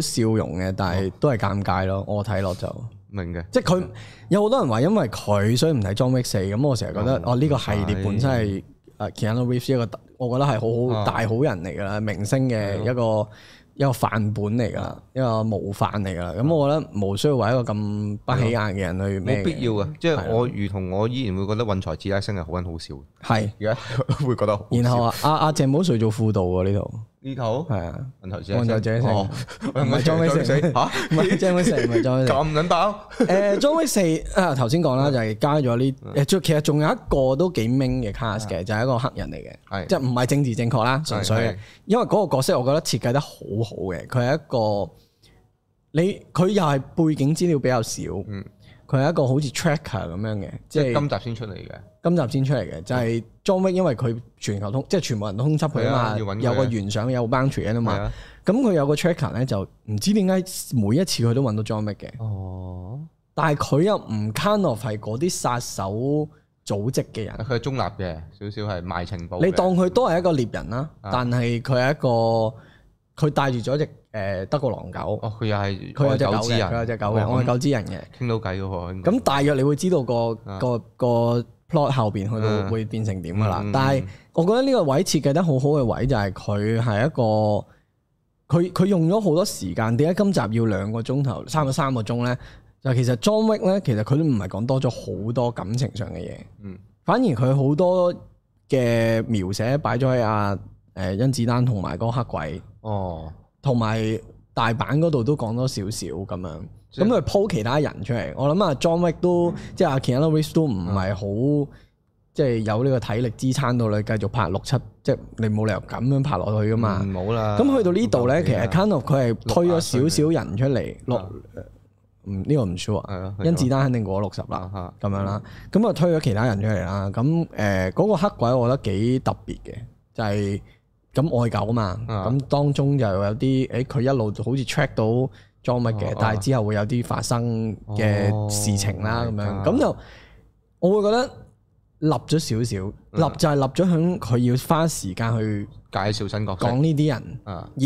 笑容嘅，但係都係尷尬咯。我睇落就、哦、明嘅。即係佢有好多人話，因為佢所以唔睇 John Wick 四咁，我成日覺得哦呢、哦呢個系列本身係啊 Keanu Reeves 一個，我覺得係好好大好人嚟㗎啦，明星嘅一個。嗯一個範本嚟㗎，嗯、一個模範嚟㗎啦。咁我覺得無需要為一個咁不起眼嘅人去的。冇必要啊！即、就、係、是、我如同我依然會覺得運財智叻星係好緊好笑的。係。而家會覺得好。然後啊，阿、啊、阿、啊、鄭寶瑞做輔導喎呢度。呢套係啊，問頭先，哦，唔係張威四吓，唔係張威四，唔係張威四，咁唔簡單。誒，張威四啊，頭先講啦，就係加咗呢誒，其實仲有一個都幾明嘅 cast 嘅，就係一個黑人嚟嘅，係即係唔係政治正確啦，純粹因為嗰個角色我覺得設計得好好嘅，佢係一個你佢又係背景資料比較少，嗯，佢係一個好似 tracker 咁樣嘅，即係今集先出嚟嘅。今集先出嚟嘅，就係 John Wick 因為佢全球通，即係全部人都通緝佢啊嘛，有個原想，有 b u n 班傳嘅嘛。咁佢有個 tracker 咧，就唔知點解每一次佢都揾到 John Wick 嘅。哦，但係佢又唔 kind of 係嗰啲殺手組織嘅人。佢係中立嘅，少少係賣情報。你當佢都係一個獵人啦，但係佢係一個佢帶住咗隻誒德國狼狗。哦，佢又係佢有隻狗嘅，佢有隻狗嘅，愛狗之人嘅。傾到偈嘅嗬，咁大約你會知道個個個。Plot 後邊佢都會變成點噶啦？嗯、但係我覺得呢個位設計得好好嘅位就係佢係一個，佢佢、嗯、用咗好多時間。點解今集要兩個鐘頭、三個三個鐘咧？就是、其實 John Wick 咧，其實佢都唔係講多咗好多感情上嘅嘢、嗯啊，嗯，反而佢好多嘅描寫擺咗喺阿誒甄子丹同埋嗰黑鬼哦，同埋大阪嗰度都講多少少咁樣。咁佢鋪，鋪其他人出嚟，我諗啊，John Wick 都即係 Keanu Reeves 都唔係好即係有呢個體力支撐到你繼續拍六七，即係你冇理由咁樣拍落去噶嘛。唔啦、嗯。咁去到呢度咧，啊、其實 Keanu 佢係推咗少少人出嚟，落、啊、嗯呢、呢個唔、啊、sure、啊。甄子丹肯定過咗六十啦，咁、啊啊、樣啦。咁啊推咗其他人出嚟啦。咁誒嗰個黑鬼我覺得幾特別嘅，就係咁愛狗嘛。咁、啊啊、當中就有啲誒，佢、欸欸、一路好似 track 到。裝乜嘅，但係之後會有啲發生嘅事情啦，咁樣咁就我會覺得立咗少少，立就係立咗喺佢要花時間去介紹新角色，講呢啲人。而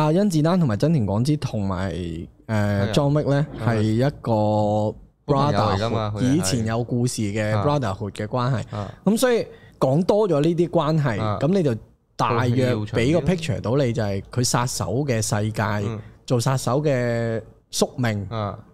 阿甄子丹同埋真田廣之同埋誒，裝乜咧，係一個 brotherhood 以前有故事嘅 brotherhood 嘅關係。咁所以講多咗呢啲關係，咁你就大約俾個 picture 到你就係佢殺手嘅世界。做殺手嘅宿命，嗰、啊、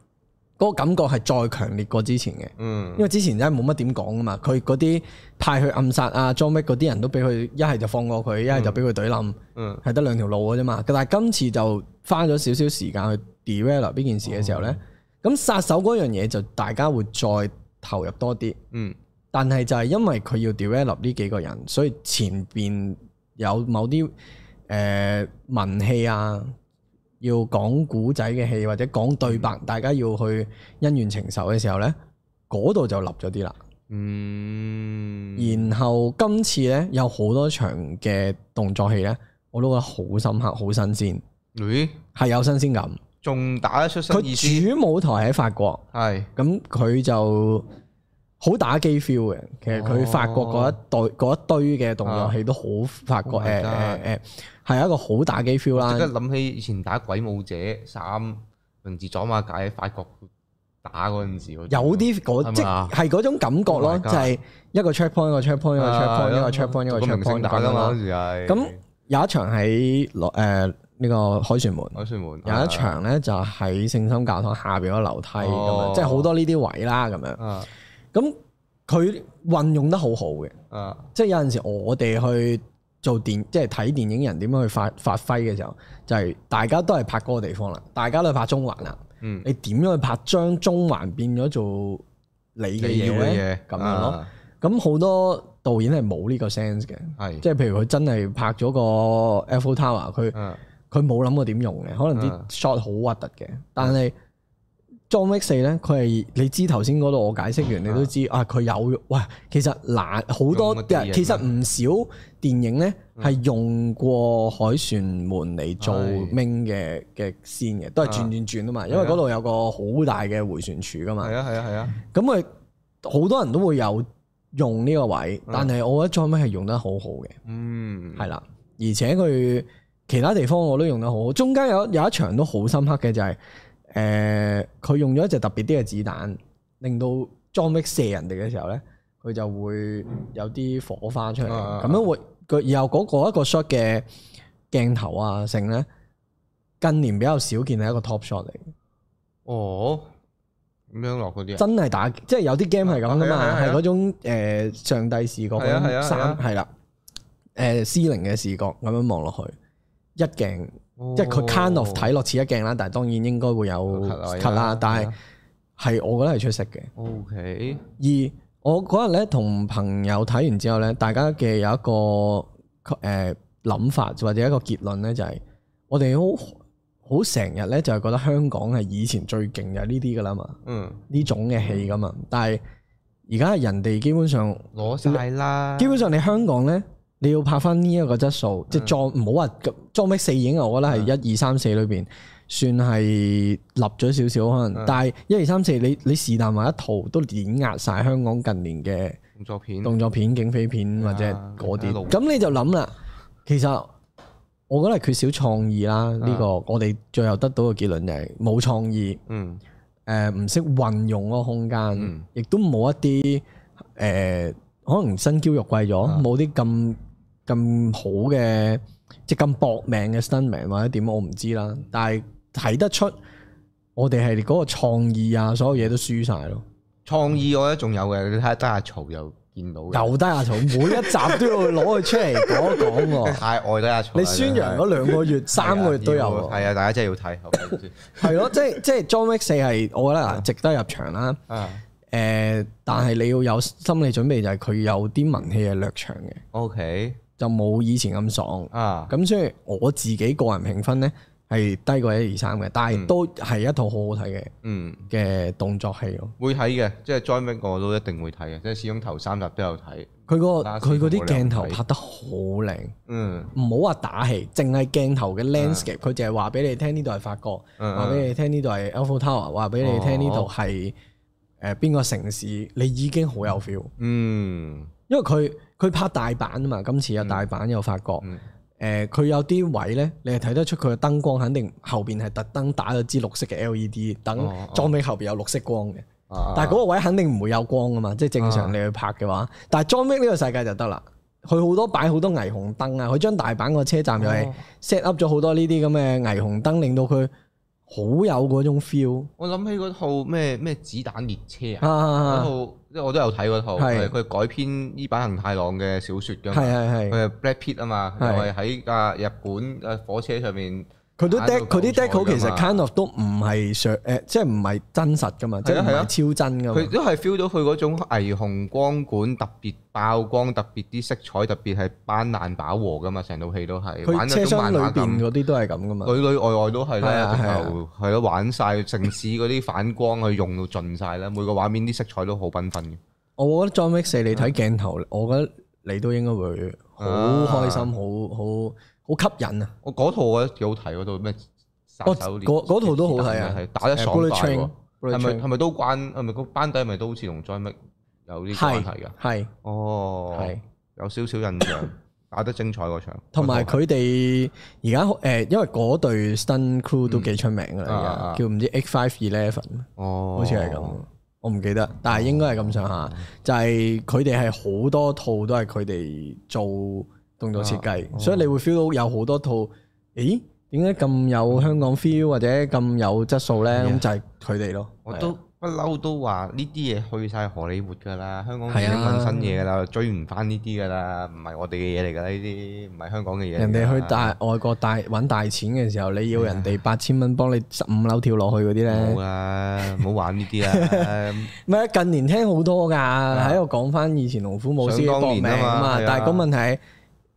個感覺係再強烈過之前嘅，嗯、因為之前真係冇乜點講啊嘛。佢嗰啲派去暗殺啊、裝逼嗰啲人都俾佢一係就放過佢，一係、嗯、就俾佢懟冧，係得兩條路嘅啫嘛。但係今次就花咗少少時間去 develop 呢件事嘅時候咧，咁殺、嗯、手嗰樣嘢就大家會再投入多啲。嗯，但係就係因為佢要 develop 呢幾個人，所以前邊有某啲誒、呃呃呃、文氣啊。啊啊啊要講古仔嘅戲或者講對白，嗯、大家要去恩怨情仇嘅時候呢，嗰度就立咗啲啦。嗯，然後今次呢，有好多場嘅動作戲呢，我都覺得好深刻，好新鮮。誒、欸，係有新鮮感，仲打得出新。佢主舞台喺法國，係咁佢就。好打機 feel 嘅，其實佢法國嗰一隊一堆嘅動作戲都好法國，誒誒誒，係一個好打機 feel 啦。即係諗起以前打鬼武者三，明智左馬介，喺法國打嗰陣時，有啲即係係嗰種感覺咯，就係一個 checkpoint，一個 checkpoint，一個 checkpoint，一個 checkpoint，一個 checkpoint 打㗎嘛，嗰陣時係。咁有一場喺誒呢個凱旋門，凱旋門有一場咧就喺聖心教堂下邊嗰個樓梯咁樣，即係好多呢啲位啦咁樣。咁佢運用得好好嘅，啊、即係有陣時我哋去做電即係睇電影人點樣去發發揮嘅時候，就係、是、大家都係拍嗰個地方啦，大家都係拍中環啦。嗯、你點樣去拍將中環變咗做你嘅嘢咧？咁、嗯嗯、樣咯。咁好、啊、多導演係冇呢個 sense 嘅，是即係譬如佢真係拍咗個 Empire Tower，佢佢冇諗過點用嘅，可能啲 shot 好核突嘅，啊嗯、但係。John Wick 四咧，佢係你知頭先嗰度我解釋完，uh huh. 你都知啊。佢有，喂，其實嗱，好多其實唔少電影咧係、uh huh. 用過凱旋門嚟做名嘅嘅先嘅，uh huh. 都係轉轉轉啊嘛。Uh huh. 因為嗰度有個好大嘅回旋處噶嘛。係啊係啊係啊。咁佢好多人都會有用呢個位，uh huh. 但係我覺得 John Wick 係用得好好嘅。嗯、uh，係、huh. 啦，而且佢其他地方我都用得好好。中間有有一場都好深刻嘅就係、是。誒，佢用咗一隻特別啲嘅子彈，令到裝逼射人哋嘅時候咧，佢就會有啲火花出嚟。咁樣會然後嗰個一個 shot 嘅鏡頭啊，成咧近年比較少見係一個 top shot 嚟。哦，咁樣落嗰啲真係打，即係有啲 game 係咁噶嘛，係嗰種上帝視角嗰種三，係啦，誒司靈嘅視角咁樣望落去一鏡。即係佢 kind of 睇落似一鏡啦，但係當然應該會有 cut 啦，啊、但係係我覺得係出色嘅。O K。而我嗰日咧同朋友睇完之後咧，大家嘅有一個誒諗法或者一個結論咧，就是，就係我哋好好成日咧就係覺得香港係以前最勁嘅呢啲噶啦嘛，嗯，呢種嘅戲噶嘛，但係而家人哋基本上攞晒，啦，基本上你香港咧。你要拍翻呢一個質素，嗯、即係裝唔好話裝咩四影啊！我覺得係、嗯、一二三四裏邊算係立咗少少可能，嗯、但係一二三四你你是但埋一套都碾壓晒香港近年嘅動作片、動作片、警匪片或者嗰啲，咁、啊、你就諗啦。其實我覺得係缺少創意啦。呢、這個、嗯、我哋最後得到嘅結論就係冇創意，嗯，誒唔識運用個空間，亦都冇一啲誒、呃、可能身嬌肉貴咗，冇啲咁。咁好嘅，即係咁搏命嘅聲明或者點我唔知啦，但係睇得出我哋係嗰個創意啊，所有嘢都輸晒咯。創意我覺得仲有嘅，你睇下得下曹又見到，又得下曹，每一集都要去攞佢出嚟講一講喎。係， 我得下曹，你宣揚嗰兩個月、 三個月都有，係啊，大家真係要睇。係咯， 即係即係《John Wick》四係，我覺得值得入場啦。嗯、啊。啊、但係你要有心理準備，就係佢有啲文氣嘅略長嘅。O K。就冇以前咁爽啊！咁所以我自己個人評分咧係低過一二三嘅，但係都係一套好好睇嘅，嘅、嗯、動作戲咯。會睇嘅，即係《John Wick》我都一定會睇嘅，即係始終頭三集都有睇。佢個佢嗰啲鏡頭拍得好靚，嗯，唔好話打戲，淨係鏡頭嘅 landscape，佢淨係、嗯、話俾你聽呢度係法國，話俾、嗯嗯、你聽呢度係 Eiffel Tower，話俾你聽呢度係。誒邊、呃、個城市你已經好有 feel？嗯，因為佢佢拍大阪啊嘛，今次有大阪又發覺，誒佢、嗯呃、有啲位咧，你係睇得出佢嘅燈光肯定後邊係特登打咗支綠色嘅 LED、哦哦、等裝逼後邊有綠色光嘅。啊、但係嗰個位肯定唔會有光啊嘛，即、就、係、是、正常你去拍嘅話。啊、但係裝逼呢個世界就得啦，佢好多擺好多霓虹燈啊，佢將大阪個車站又係 set up 咗好多呢啲咁嘅霓虹燈，令到佢。好有嗰種 feel，我諗起套咩咩子彈列車啊，嗰、啊、套即係我都有睇嗰套，佢是改編伊坂《恒太郎》嘅小說㗎嘛，係係係，佢係 Black Pit 啊嘛，佢係喺架日本嘅火車上面。佢都 deco 佢啲 deco 其實 kind of 都唔係上誒，即係唔係真實噶嘛，即係超真噶。佢都係 feel 到佢嗰種霓虹光管特別曝光，特別啲色彩特別係斑爛飽和噶嘛，成套戲都係。佢車廂裏邊嗰啲都係咁噶嘛，裏裏外外都係啦。係咯，玩晒城市嗰啲反光，佢用到盡晒啦。每個畫面啲色彩都好繽紛。我覺得 John Wick 四，你睇鏡頭，我覺得你都應該會好開心，好好。好吸引啊！我嗰套我得幾好睇，嗰套咩手聯。嗰套都好睇啊，係打得爽快，係咪係咪都關係咪個班底？係咪都好似同 z o m b i 有啲個關係㗎？係哦，係有少少印象，打得精彩嗰場。同埋佢哋而家誒，因為嗰隊 Stunt Crew 都幾出名㗎啦，叫唔知 X Five Eleven，好似係咁，我唔記得，但係應該係咁上下。就係佢哋係好多套都係佢哋做，動作設計，所以你會 feel 到有好多套，咦？點解咁有香港 feel 或者咁有質素咧？咁就係佢哋咯。我都不嬲都話呢啲嘢去晒荷里活噶啦，香港自己搵新嘢噶啦，追唔翻呢啲噶啦，唔係我哋嘅嘢嚟噶呢啲，唔係香港嘅嘢。人哋去大外國大搵大錢嘅時候，你要人哋八千蚊幫你十五樓跳落去嗰啲咧？冇噶，唔好玩呢啲啊！唔係近年聽好多噶，喺度講翻以前龍虎武師嘅搏命啊嘛，但係個問題。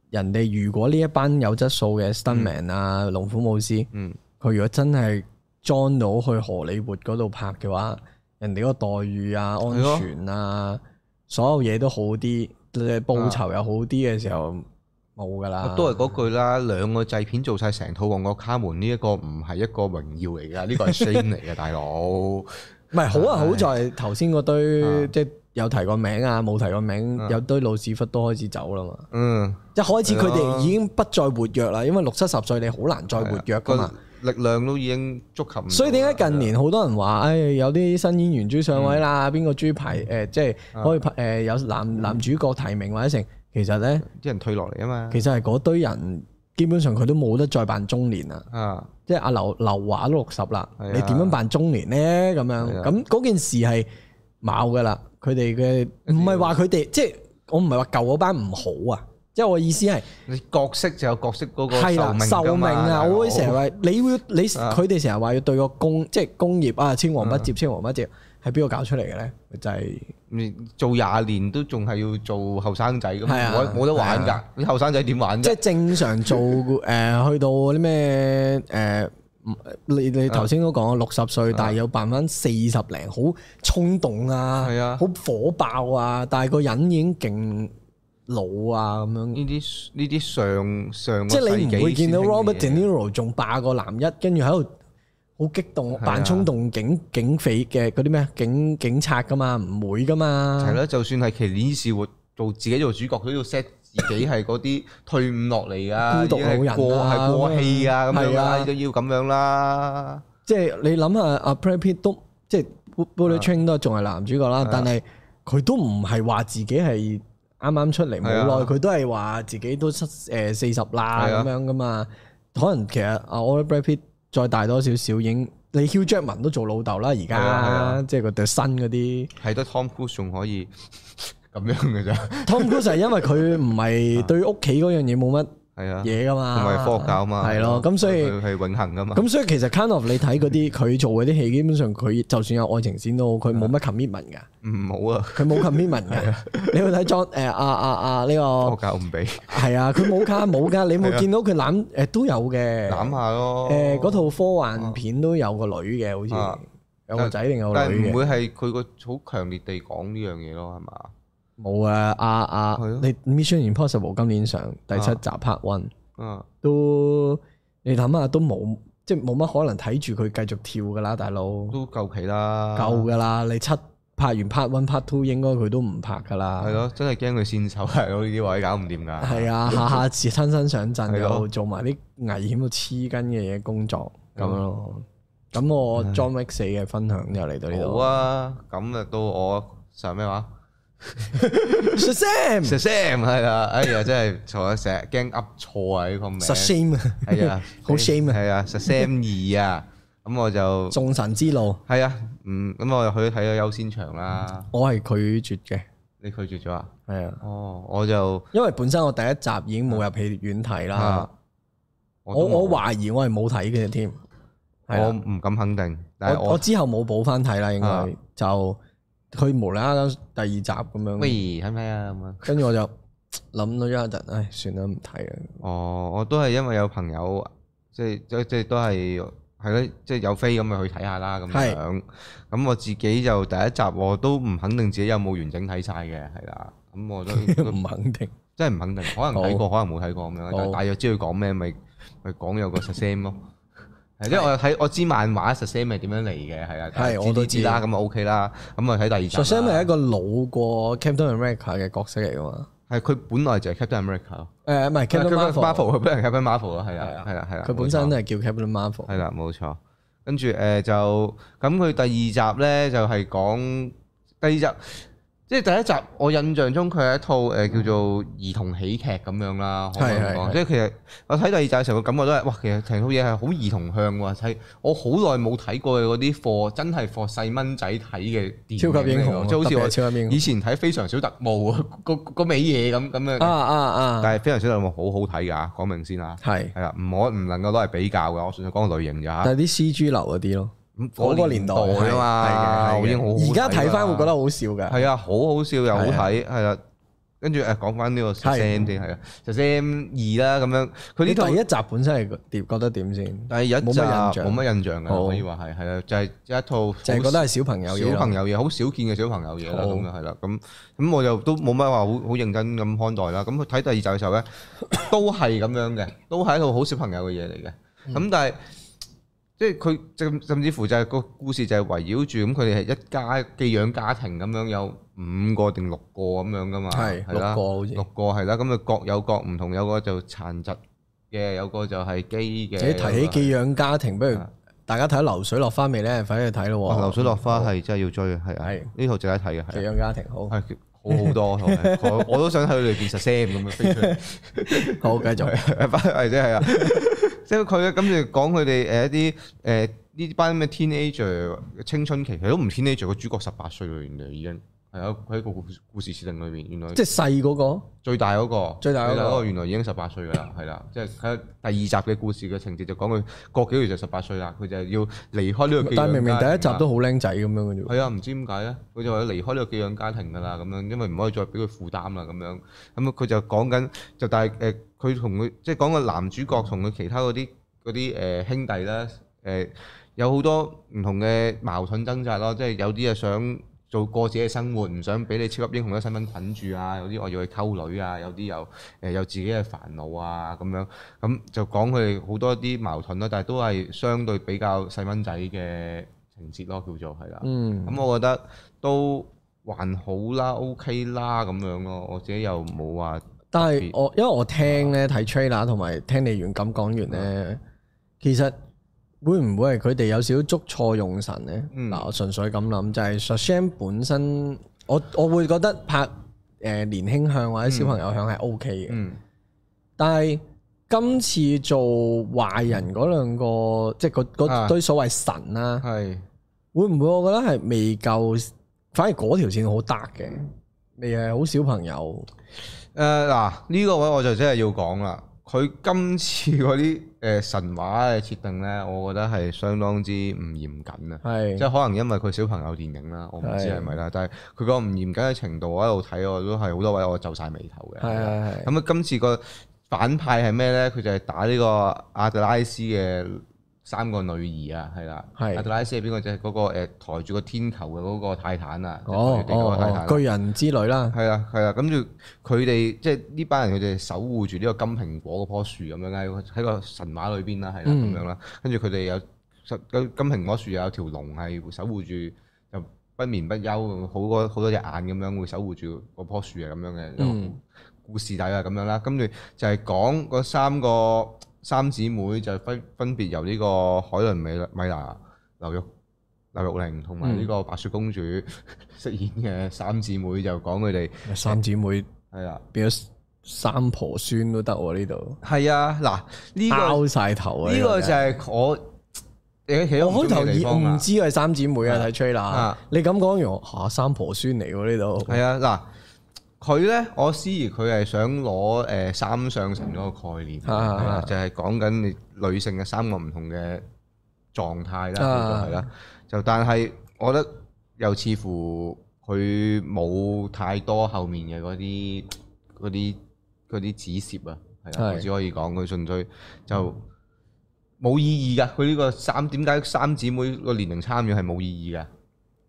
人哋如果呢一班有質素嘅 stuntman 啊、龍虎武師，佢、嗯、如果真係 join 到去荷里活嗰度拍嘅話，人哋嗰個待遇啊、安全啊，的所有嘢都好啲，報酬又好啲嘅時候冇噶啦。都係嗰句啦，兩個製片做晒成套旺角卡門呢，一個唔係一個榮耀嚟㗎，呢、呢個係 shame 嚟㗎， 大佬哥。唔係好啊， 好在頭先嗰堆即有提過名啊，冇提過名，有堆老屎忽都開始走啦嘛。嗯，一開始佢哋已經不再活躍啦，因為六七十歲你好難再活躍噶嘛。力量都已經捉襟。所以點解近年好多人話，唉，有啲新演員豬上位啦，邊個豬排？誒，即係可以排誒有男男主角提名或者成。其實咧，啲人退落嚟啊嘛。其實係嗰堆人，基本上佢都冇得再扮中年啦。啊，即係阿劉劉華都六十啦，你點樣扮中年咧？咁樣咁嗰件事係。冇噶啦，佢哋嘅唔係話佢哋，即係我唔係話舊嗰班唔好啊，即係我意思係，你角色就有角色嗰個壽命啊，我、嗯、會成日話，你會你佢哋成日話要對個工，即係工業啊，青黃不接，嗯、青黃不接，係邊個搞出嚟嘅咧？就係、是、做廿年都仲係要做後生仔咁，冇冇、啊、得玩噶，啲後生仔點玩即係正常做誒、 呃，去到啲咩誒？呃呃你你頭先都講，六十歲但係有扮翻四十零，好衝動啊，係啊，好火爆啊，但係個人已經勁老啊咁樣。呢啲呢啲上上即係你唔會見到 Robert De Niro 仲霸個男一，跟住喺度好激動扮衝動警警匪嘅嗰啲咩警警察㗎嘛，唔會㗎嘛。係咯，就算係其電事活做自己做主角都要 set。自己係嗰啲退伍落嚟啊，孤獨老人過係過氣啊，咁樣啦，都要咁樣啦。即係你諗下，阿 Brad Pitt 都即係 Bullet Train 都仲係男主角啦，但係佢都唔係話自己係啱啱出嚟冇耐，佢都係話自己都七誒四十啦咁樣噶嘛。可能其實阿 Brad Pitt 再大多少少，影，你 Hugh Jackman 都做老豆啦，而家即係個新嗰啲係得 Tom Cruise 仲可以。咁樣嘅啫，Tom Cruise 係因為佢唔係對屋企嗰樣嘢冇乜嘢噶嘛，唔係科學教啊嘛，係咯，咁所以係永恆噶嘛。咁所以其實 kind of 你睇嗰啲佢做嗰啲戲，基本上佢就算有愛情線都好，佢冇乜 commitment 噶。唔好啊，佢冇 commitment 嘅。你去睇 John 誒啊啊啊呢個科學教唔俾係啊，佢冇卡冇噶，你冇見到佢攬誒都有嘅攬下咯。誒嗰套科幻片都有個女嘅，好似有個仔定有女嘅，但係唔會係佢個好強烈地講呢樣嘢咯，係嘛？冇啊！啊啊，的你 Mission Impossible 今年上第七集 Part One，的都你諗下都冇，即係冇乜可能睇住佢繼續跳㗎啦，大佬。都夠期啦。夠㗎啦！你七拍完 Part One，Part Two，應該佢都唔拍㗎啦。係咯，真係驚佢先手係呢啲位搞唔掂㗎。係啊，下下次親身上陣又做埋啲危險到黐筋嘅嘢工作咁咯。咁我 John Wick 四嘅分享就嚟到呢度。好啊，咁啊到我上咩話？Shazam，Shazam 係啊，哎呀真係坐咗成日驚噏錯啊呢個名，Shazam 係啊，好 shame 係啊，Shazam 二啊，咁我就眾神之怒係啊，嗯，咁我就去睇咗優先場啦，我係拒絕嘅，你拒絕咗啊？係啊，哦，我就因為本身我第一集已經冇入戲院睇啦，我我懷疑我係冇睇嘅添，我唔敢肯定，但係我我之後冇補翻睇啦，應該就。佢無啦啦第二集咁喂樣，看不如睇唔睇啊？咁啊，跟住我就諗咗一陣，唉，算啦，唔睇啦。哦，我都係因為有朋友，即係即即係都係係咯，即係有飛咁咪去睇下啦咁樣。咁是我自己就第一集我都唔肯定自己有冇完整睇晒嘅，係啦。咁我都唔 肯定，即係唔肯定，可能睇過，好可能冇睇過咁樣，好但係大約知佢講咩咪咪講有個 Shazam 咯。係，因為我睇我知漫畫 Shazam 係點樣嚟嘅，係啊，我都知啦，咁啊 OK 啦，咁、欸、啊睇第二集。Shazam 係一個老過 Captain America 嘅角色嚟㗎嘛。係，佢本來就係 Captain America 咯。誒，唔係 Captain Marvel，佢俾人 Captain Marvel 咯，係啊，係啊，係啊。佢本身都係叫 Captain Marvel。係啦，冇錯。跟住誒就咁，佢第二集咧就係講第二集。即係第一集，我印象中佢係一套誒叫做兒童喜劇咁樣啦。係係是。是是是，即係其實我睇第二集嘅時候，感覺都係，哇！其實成套嘢係好兒童向喎。睇我好耐冇睇過佢嗰啲課，真係課細蚊仔睇嘅。超級英雄。即超級英雄。好似我以前睇非常小特務嗰嗰尾嘢咁咁樣。啊啊啊！啊但係非常小特務好好睇㗎，講明先啦。係係啦，唔可唔能夠攞嚟比較㗎。我純粹講個類型啫。但係啲 C G 流嗰啲咯。嗰個年代啊嘛，已經好而家睇翻會覺得好笑嘅，係啊，好好笑又好睇，係啦。跟住誒，講翻呢個《Shazam》啲係啊，《Shazam 2》啦咁樣。佢呢套第一集本身係點覺得點先？但係有一集冇乜印象嘅，可以話係係啦，就係一套就係覺得係小朋友嘢，小朋友嘢好少見嘅小朋友嘢啦，咁就係啦。咁咁我又都冇乜話好好認真咁看待啦。咁佢睇第二集嘅時候咧，都係咁樣嘅，都係一套好小朋友嘅嘢嚟嘅。咁但係。即係佢，甚甚至乎就係個故事就係圍繞住咁，佢哋係一家寄養家庭咁樣，有五個定六個咁樣噶嘛？係六個好似六個係啦，咁啊各有各唔同，有個就殘疾嘅，有個就係基嘅。你提起寄養家庭，不如大家睇下流水落花未咧？快啲去睇咯！流水落花係真係要追，係係呢套值得睇嘅，寄養家庭好係好好多，我我都想喺佢哋變實 sam 咁樣飛出嚟。好，繼續翻嚟即係啊！即係佢咧，咁就講佢哋誒一啲誒呢班咩嘅 teenager 青春期，其實都唔 teenager 嘅主角十八歲啦，原來已經係啊喺個故事設定裏面，原來即係細嗰個最大嗰個最大嗰個原來已經十八歲噶啦，係啦，即係睇第二集嘅故事嘅情節就講佢過幾個月就十八歲啦，佢就要離開呢個寄養家庭。但係明明第一集都好僆仔咁樣嘅啫。係啊，唔知點解咧？佢就話離開呢個寄養家庭噶啦，咁樣因為唔可以再俾佢負擔啦，咁樣咁佢、嗯、就講緊就但係誒。呃佢同佢即係講個男主角同佢其他嗰啲嗰啲誒兄弟咧，誒、呃、有好多唔同嘅矛盾掙扎咯，即係有啲啊想做過自己嘅生活，唔想俾你超級英雄嘅身份捆住啊；有啲我要去溝女啊；有啲又誒有自己嘅煩惱啊咁樣，咁、嗯、就講佢哋好多啲矛盾咯，但係都係相對比較細蚊仔嘅情節咯，叫做係啦。嗯，嗯，咁、嗯、我覺得都還好啦，OK 啦咁樣咯，我自己又冇話。但係我，因為我聽咧睇 trailer 同埋聽你元錦講完咧，嗯、其實會唔會係佢哋有少少捉錯用神咧？嗱、嗯，我純粹咁諗就係、是、Shazam、嗯、本身我，我我會覺得拍誒年輕向或者小朋友向係 O K 嘅。嗯、但係今次做壞人嗰兩個，即係嗰堆所謂神啦、啊，嗯嗯、會唔會我覺得係未夠？反而嗰條線好 dark 嘅，未係好小朋友。誒嗱呢個位我就真係要講啦，佢今次嗰啲誒神話嘅設定呢，我覺得係相當之唔嚴謹啊！是即係可能因為佢小朋友電影啦，我唔知係咪啦，是但係佢個唔嚴謹嘅程度，我喺度睇我都係好多位我皺晒眉頭嘅。係係係咁啊！今次個反派係咩呢？佢就係打呢個阿特拉斯嘅三個女兒啊，係啦，係啦，阿特拉斯係邊個啫？嗰、就係嗰個誒、呃、抬住個天球嘅嗰個泰坦啊，哦哦，巨人之女啦，係啊係啊，跟住佢哋即係呢班人，佢哋守護住呢個金蘋果嗰棵樹咁樣喺個神話裏邊啦，係啦咁樣啦，嗯、跟住佢哋有金金蘋果樹又有條龍係守護住，就不眠不休，好多好多隻眼咁樣會守護住嗰棵樹啊咁樣嘅故事底啊咁樣啦，跟住、嗯嗯、就係講嗰三個。三姊妹就分分別由呢個海倫美米娜、劉玉、劉玉玲同埋呢個白雪公主飾演嘅三姊妹就，就講佢哋三姊妹係啦了，變咗三婆孫都得喎呢度。係啊，嗱呢、啊這個拗曬頭、啊，呢、這個、個就係我誒，其實開頭我唔知係三姊妹啊，睇 trailer 啦，你咁講完我、啊、三婆孫嚟喎呢度。係啊，嗱。佢咧，我思疑佢係想攞誒、呃、三上神嗰個概念，嗯啊啊、就係講緊女性嘅三個唔同嘅狀態啦，係啦、啊。就、啊、但係，我覺得又似乎佢冇太多後面嘅嗰啲啲啲指涉啊，係、啊，我只可以講佢進取，就冇意義噶。佢呢、嗯、個三點解三姊妹個年齡差異係冇意義噶？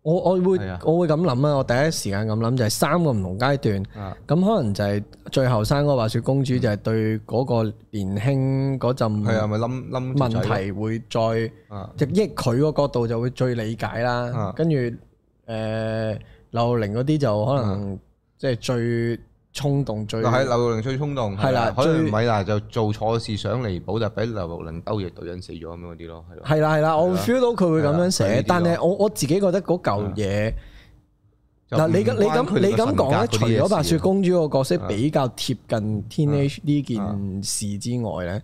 我我會我會咁諗啦，我第一時間咁諗就係三個唔同階段，咁可能就係最後生嗰個白雪公主就係對嗰個年輕嗰陣問題會再，即係佢個角度就會最理解啦。跟住誒劉玲嗰啲就可能即係最。衝動最，係劉玉玲最衝動，係啦，佢米娜就做錯事想彌補，就俾劉玉玲勾引隊員死咗咁嗰啲咯，係啦，係啦，我 feel 到佢會咁樣寫，但係我我自己覺得嗰嚿嘢嗱，你咁你咁你咁講咧，除咗白雪公主個角色比較貼近天蠍呢件事之外咧。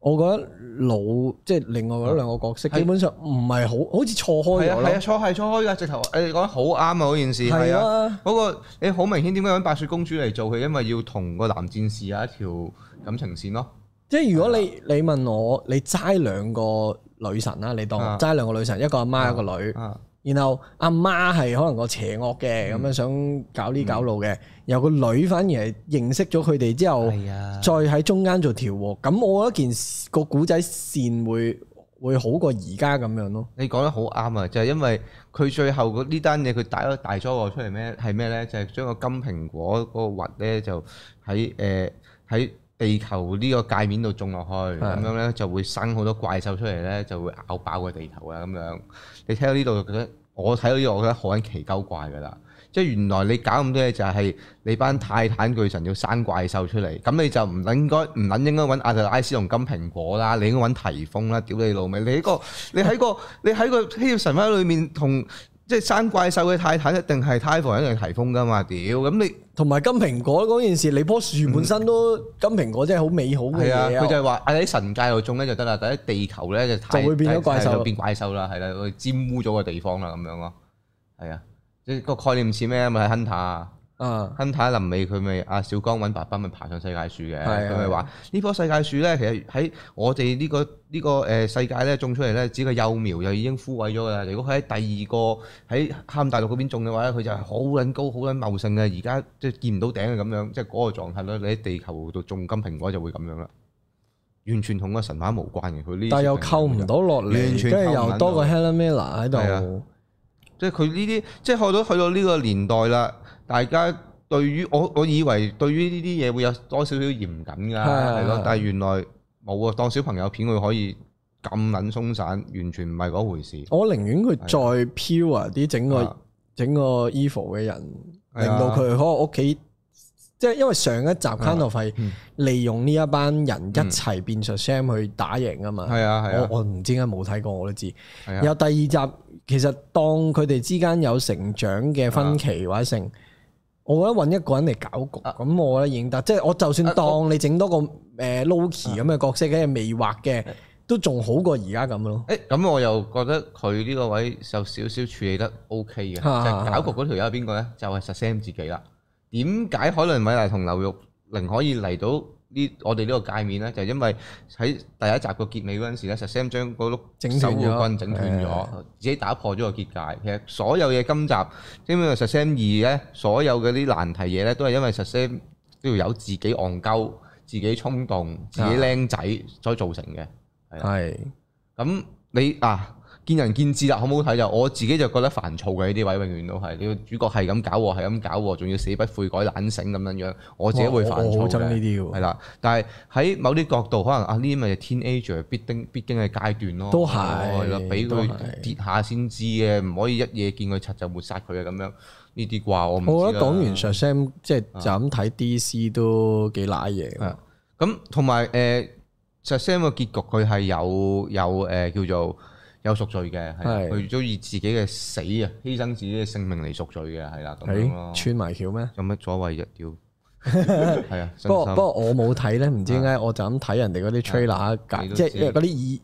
我覺得老即係另外嗰兩個角色，基本上唔係係好好似錯開。係啊係啊，錯係錯開㗎，直頭。誒，你講得好啱啊！嗰件事係啊。嗰、嗰個你好、欸、明顯點解揾白雪公主嚟做？佢，因為要同個男戰士有一條感情線咯。即係如果你、啊、你問我，你齋兩個女神啦，你當齋兩個女神，個女神啊、一個阿媽,媽一個女，啊、然後阿媽係可能個邪惡嘅，咁樣、嗯、想搞呢搞路嘅。嗯有個女反而係認識咗佢哋之後，啊、再喺中間做調和，咁我覺得件事，個古仔線會會好過而家咁樣咯。你講得好啱啊！就係因為佢最後呢單嘢，佢打咗大災禍出嚟咩？係咩咧？就係將個金蘋果嗰個核咧，就喺誒喺地球呢個界面度種落去，咁樣咧就會生好多怪獸出嚟咧，就會咬爆個地球啊！咁樣你睇到呢度就覺得我睇到呢個，覺得好撚奇鳩怪噶啦～即係原來你搞咁多嘢就係你班泰坦巨神要生怪獸出嚟，咁你就唔應該唔諗應該揾阿特拉斯同金蘋果啦，你應該揾提豐啦，屌你老味！你喺個、嗯、你喺個你喺個希臘神話裏面同即係生怪獸嘅泰坦一定係泰皇一樣提豐㗎嘛？屌咁你同埋金蘋果嗰件事，你樖樹本身都、嗯、金蘋果，真係好美好嘅嘢啊！佢就係話喺神界度種咧就得啦，但喺地球咧就太就會變,怪、啊、會變怪獸啦，係啦、啊，會沾污咗個地方啦咁樣咯，係啊。你個概念似咩？咪係亨塔啊！亨塔臨尾佢咪阿小江揾爸爸咪爬上世界樹嘅。佢咪話呢棵世界樹咧，其實喺我哋呢、呢個呢、呢個誒世界咧種出嚟咧，只個幼苗又已經枯萎咗嘅。如果佢喺第二個喺黑暗大陸嗰邊種嘅話咧，佢就係好撚高、好撚茂盛嘅。而家即係見唔到頂咁樣，即係嗰個狀態咯。你喺地球度種金蘋果就會咁樣啦，完全同個神話無關嘅。佢呢？但又扣唔到落嚟，跟住又多個 Helen 喺度。即係佢呢啲，即係去到去到呢個年代啦，大家對於我我以為對於呢啲嘢會有多少少嚴謹㗎，係咯的，的但係原來冇啊，當小朋友片佢可以咁撚鬆散，完全唔係嗰回事。我寧願佢再飄啊啲整個的整個 evil 嘅人，的令到佢喺我屋企。即係因為上一集《Counter》係利用呢一班人一齊變出 Sam 去打贏啊嘛。係啊係啊。我我唔知點解冇睇過我都知。係啊。有第二集，其實當佢哋之間有成長嘅分歧或者成，我覺得揾一個人嚟搞局，咁我覺得已經得，即係我就算當你整多個誒 Loki 咁嘅角色咧未畫嘅，都仲好過而家咁咯。誒，咁我又覺得佢呢個位就少少處理得 OK 嘅。就搞局嗰條友係邊個咧？就係 Sam 自己啦。點解海倫米萊同劉玉玲可以嚟到呢？我哋呢個界面咧，就因為喺第一集個結尾嗰陣時咧，實 Sam 將嗰碌守護軍整斷咗，自己打破咗個結界。其實所有嘢今集，因為實 Sam 二咧，所有嗰啲難題嘢咧，都係因為實 Sam 都要有自己戇鳩、自己衝動、自己僆仔所造成嘅。係，咁你啊？見仁見智啦，好唔好睇就我自己就覺得煩躁嘅呢啲位，永遠都係呢個主角係咁搞，係咁搞，仲要死不悔改懶醒咁樣樣，我自己會煩躁嘅。係啦，但係喺某啲角度，可能啊呢啲咪 teenage 必經必經嘅階段咯。都係，俾佢跌下先知嘅，唔可以一夜見佢闙就抹殺佢啊咁樣。呢啲啩我唔。我覺得講完 Sam 即係就咁睇 DC 都幾賴嘢。係啊，咁同埋誒 Sam 嘅結局佢係有有誒叫做。有贖罪嘅，佢中意自己嘅死啊，犧牲自己嘅性命嚟贖罪嘅，係啦，咁樣穿埋橋咩？有乜所謂啫？屌，係啊！不過不過我冇睇咧，唔知點解我就咁睇人哋嗰啲 trailer 解，即係嗰啲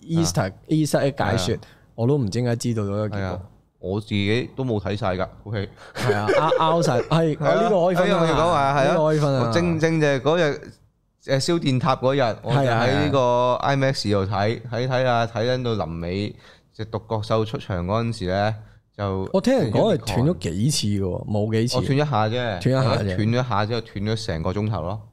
Easter e 解說，我都唔知點解知道咗個結果。我自己都冇睇晒噶，OK？係啊，out 晒係，呢個可以。可以可以講，係啊，可以分。正正就嗰日誒燒電塔嗰日，我就喺呢個 IMAX 度睇睇睇啊，睇緊到臨尾。就獨角獸出場嗰陣時咧，就我聽人講係斷咗幾次嘅喎，冇幾次，我斷一，斷一下啫，斷一下啫，斷咗一下之後斷咗成個鐘頭咯。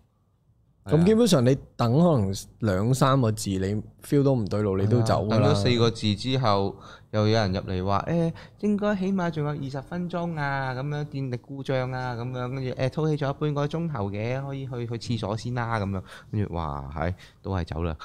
咁基本上你等可能兩三個字，你 feel 都唔對路，你都走。等咗四個字之後。又有人入嚟話誒，應該起碼仲有二十分鐘啊，咁樣電力故障啊，咁樣跟住誒，唞、欸、氣咗半個鐘頭嘅，可以去去廁所先啦，啊，咁樣跟住哇，係、哎、都係走啦。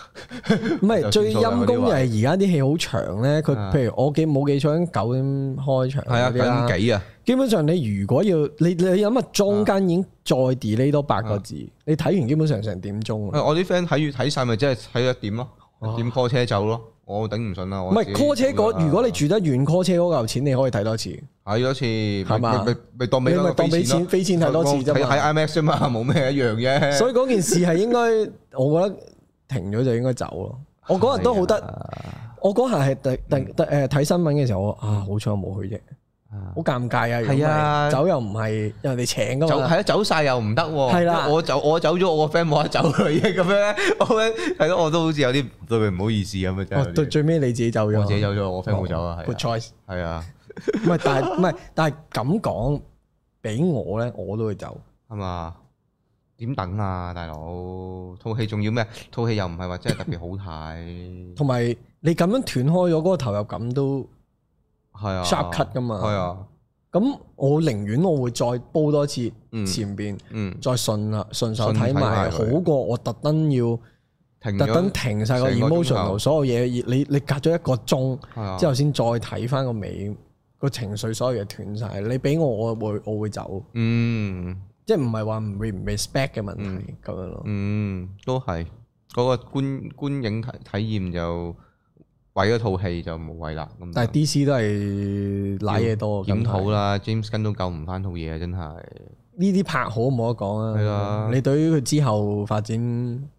唔係 是最陰功係而家啲戲好長咧，佢的譬如我冇記錯九點開場，係啊的，九點幾啊。基本上你如果要你你諗下中間已經再 delay 多八個字，的你睇完基本上成點鐘。我啲 friend 睇完睇晒咪即係睇咗點咯。點 call 車走咯，我頂唔順啦。唔係 call 車，如果你住得遠 call 車嗰嚿錢，你可以睇多次。睇多次，咪咪咪當俾當俾錢，飛錢睇多次啫嘛。喺 IMAX 啫嘛，冇咩一樣啫。所以嗰件事係應該，我覺得停咗就應該走咯。 我嗰日都好得，我嗰下係第第第誒睇新聞嘅時候，我啊好彩冇去啫。好尷尬啊！係啊，走又唔係人哋請噶嘛，係啊，啊走晒又唔得。係啦，我走我走咗，我個 friend 冇得走嘅、啊，咁樣咧，係咯，我都好似有啲對佢唔好意思咁樣最最尾你自己走咗，我自己走咗，我 friend 冇走啊，係、嗯。啊、good choice。係啊。唔係， 但係唔係，但係咁講，俾我咧，我都會走。係嘛？點等啊，大佬？套戲仲要咩？套戲又唔係話真係特別好睇。同埋 你咁樣斷開咗嗰個投入感都。係啊，sharp cut 噶嘛，咁、啊、我寧願我會再煲多次前邊，嗯嗯、再順啊順手睇埋，好過我特登要特登停晒了個 emotional 所有嘢你你隔咗一個鐘、啊、之後先再睇翻個尾，個情緒所有嘢斷晒，你俾我我會我會走，嗯，即係唔係話唔會 respect 嘅問題咁、嗯、樣咯，嗯，都係嗰、個觀觀影體體驗就。毀嗰套戲就冇謂啦，但係 DC 都係瀨嘢多，檢討啦。James Gunn 都救唔翻套嘢啊，真係呢啲拍好冇得講啊。你對於佢之後發展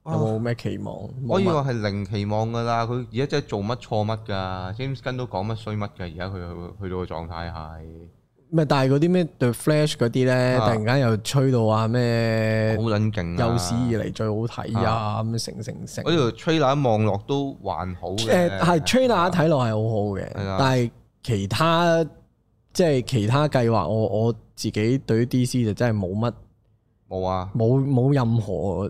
有冇咩期望？啊、可以話係零期望噶啦，佢而家真係做乜錯乜噶，James Gunn 都講乜衰乜噶，而家佢去到個狀態係。咪但係嗰啲咩對 Flash 嗰啲咧，突然間又吹到話咩，好撚勁，有史以嚟最好睇啊！咁成成成，嗰條 Trailer 望落都還好嘅。誒係 Trailer 睇落係好好嘅，yeah 但係其他即係、就是、其他計劃，我我自己對於 DC 就真係冇乜冇啊，冇冇任何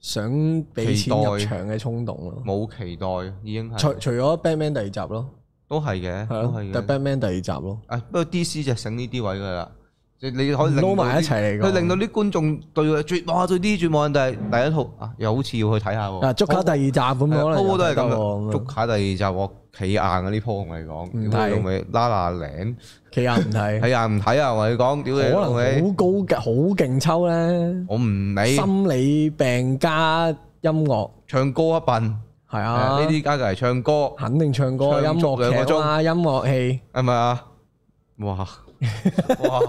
想俾錢入場嘅衝動咯。冇期待，期待已經係。除除咗 Batman 第二集咯。都係嘅，都係嘅。《Batman》第二集咯。啊，不過 DC 就醒呢啲位噶啦，即係你可以攞埋一齊嚟。佢令到啲觀眾對佢絕望，最 D 絕望就係第一套啊，又好似要去睇下喎。啊，捉卡第二集咁樣，鋪都係咁喎。捉卡第二集喎，企硬嘅呢鋪同你講，唔睇拉拉領，企硬唔睇，企硬唔睇啊！同你講，屌你可能好高嘅，好勁抽咧。我唔理。心理病加音樂，唱歌一笨。係啊，呢啲 Gaga 係唱歌，肯定唱歌，音樂劇啊，音樂戲係咪啊？哇哇，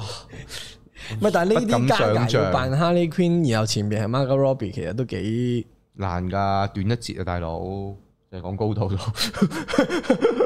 唔係但係呢啲 Gaga 要扮 Harley Quinn，然後前面係 Margot Robbie，其實都幾難噶，短一截啊，大佬，就係講高度咯。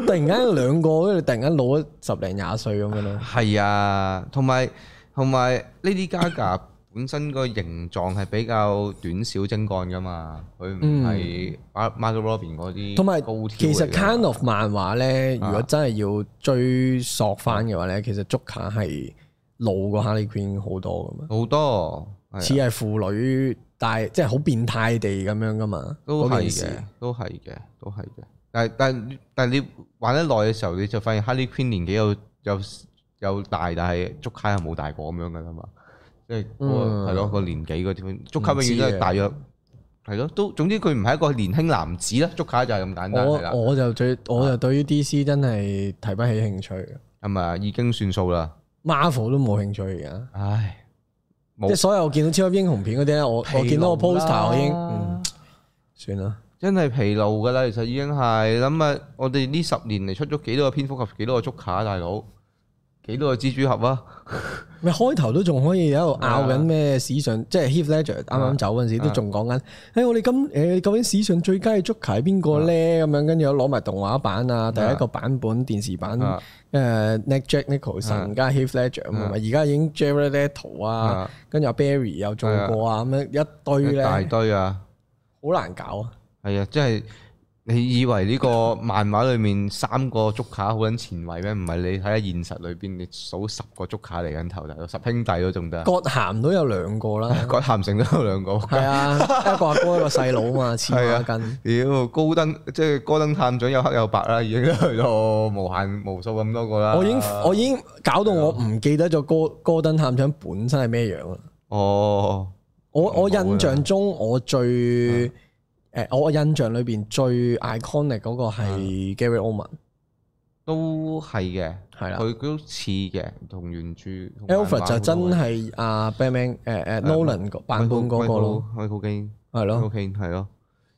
突然間兩個，跟住突然間老咗十零廿歲咁樣咯。係啊，同埋同埋呢啲 Gaga。本身個形狀係比較短小精幹噶嘛，佢唔係 Margot Robbie 嗰啲同埋，其實 kind of 漫畫咧，啊、如果真係要追索翻嘅話咧，其實竹卡係老過 Harley Quinn 好多噶嘛，好多似係父女，但係的即係好變態地咁樣噶嘛，都係嘅，都係嘅，都係嘅。但係但係但係你玩得耐嘅時候，你就發現 Harley Quinn 年紀有又又大，但係竹卡係冇大過咁樣噶啦嘛。即係，係咯、嗯嗯，那個年紀嗰條，足卡永遠都係大約，係咯都，總之佢唔係一個年輕男子啦，足卡就係咁簡單係啦。我就最，我就對於 D.C 真係提不起興趣。係咪啊，已經算數啦。Marvel 都冇興趣而家。唉，即係所有我見到超級英雄片嗰啲咧，我我見到個 poster 我已經，嗯、算啦，真係疲勞噶啦，其實已經係咁啊！想想下我哋呢十年嚟，出咗幾多個蝙蝠俠，幾多個足卡大佬，幾多個蜘蛛俠啊！咪開頭都仲可以喺度拗緊咩史上，即係 Heath Ledger 啱啱走嗰陣時都仲講緊，誒我哋今誒究竟史上最佳足球係邊個咧？咁樣跟住攞埋動畫版啊，第一個版本電視版誒 Nick Jack Nicholson 加 Heath Ledger，同埋而家已經 Jared Leto 啊，跟住阿 Barry 又做過啊，咁樣一堆咧，一大堆啊，好難搞啊，係啊，即係。你以為呢個漫畫裏面三個竹卡好緊前衛咩？唔係，你睇下現實裏邊，你數十個竹卡嚟緊頭就十兄弟都仲得？葛咸都有兩個啦，葛咸城都有兩個。係啊， 一個阿哥，哥一個細佬啊嘛，千蚊一斤。屌、啊，哥、哎、登即係哥登探長又黑又白啦，已經去到無限無數咁多個啦。我已經我已經搞到我唔記得咗、嗯、哥登探長本身係咩樣啊？哦，我我印象中我最、嗯。誒、呃，我印象裏邊最 iconic 嗰個係 Gary Oldman 都係嘅，係啦的，佢都似嘅，同的原著。Alfred 就真係阿 Batman 誒誒 Nolan 版本嗰、那個咯，好驚 Michael, Michael, 的，係咯，係咯，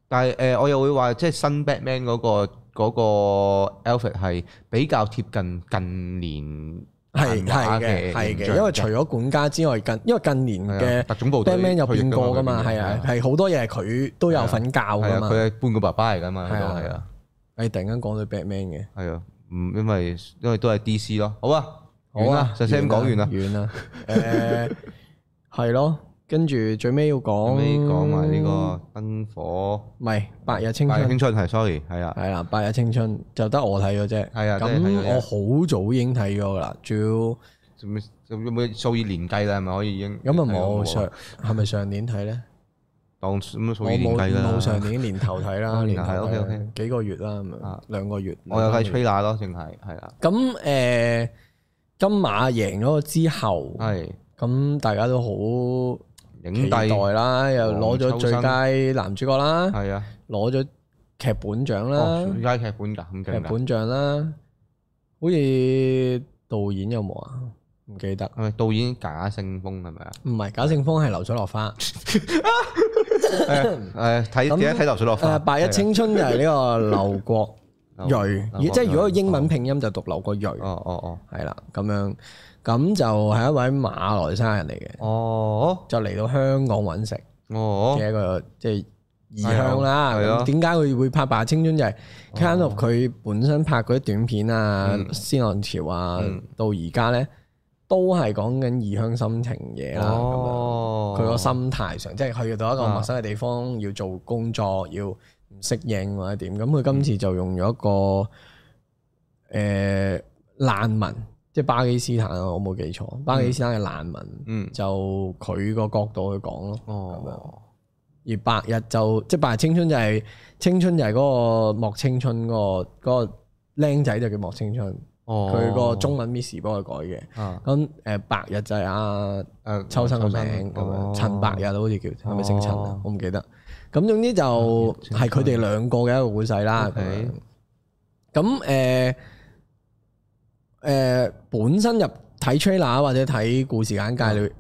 但係誒、呃，我又會話即係新 Batman 嗰、那個嗰、那個 Alfred 係比較貼近近，近年。係係嘅，係嘅，因為除咗管家之外，近因為近年嘅特種部隊 Batman 有變過噶嘛，係啊，係好多嘢佢都有份教噶，佢係半個爸爸嚟噶嘛，都係啊。誒，突然間講到 Batman 嘅，係啊，嗯，因為因為都係 DC 咯，好啊，好啊，就聲講完啦，完啦，誒，係咯。跟住最尾要講，最尾講埋呢個《燈火》，唔係《白日青春》。《白日青春》係，sorry，係啊，係啦，《白日青春》就得我睇咗啫。係啊，咁我好早已經睇咗噶啦，仲要仲數以年計啦？係咪可以已經？咁啊冇上，係咪上年睇咧？當咁數以年計我冇上年年頭睇啦，年頭睇。OK OK，幾個月啦，兩個月。我又睇吹奶咯，淨係係啦。咁誒，金馬贏咗之後，係咁大家都好。影帝啦，又攞咗最佳男主角啦，係啊，攞咗劇本獎啦，最佳劇本噶，劇本獎啦，好似導演有冇啊？唔記得，導演賈勝楓係咪啊？唔係，賈勝楓係流水落花。誒，睇點解睇流水落花？白日青春就係呢個劉國瑞，即係如果英文拼音就讀劉國瑞。哦哦哦，係啦，咁樣。咁就係一位馬來西亞人嚟嘅，哦、就嚟到香港揾食嘅一個、哦、即係異鄉啦。咁點解佢會拍《白日青春》哦、就係 Carlo 佢本身拍嗰啲短片啊、嗯《思浪潮》啊，嗯、到而家呢都係講緊異鄉心情嘢啦。佢個、哦、心態上，即、就、係、是、去到一個陌生嘅地方要做工作，要唔適應或者點。咁佢今次就用咗一個誒難民。嗯嗯嗯即係巴基斯坦啊，我冇記錯。巴基斯坦嘅難民，就佢個角度去講咯。哦，而白日就即係《白日青春》，就係青春就係嗰個莫青春嗰個僆仔就叫莫青春。哦，佢個中文 miss 幫佢改嘅。咁誒白日就係阿誒秋生嘅名咁樣，陳白日都好似叫係咪姓陳啊？我唔記得。咁總之就係佢哋兩個嘅一個故事啦。咁誒。誒本身入睇 trailer 或者睇故事簡介裏，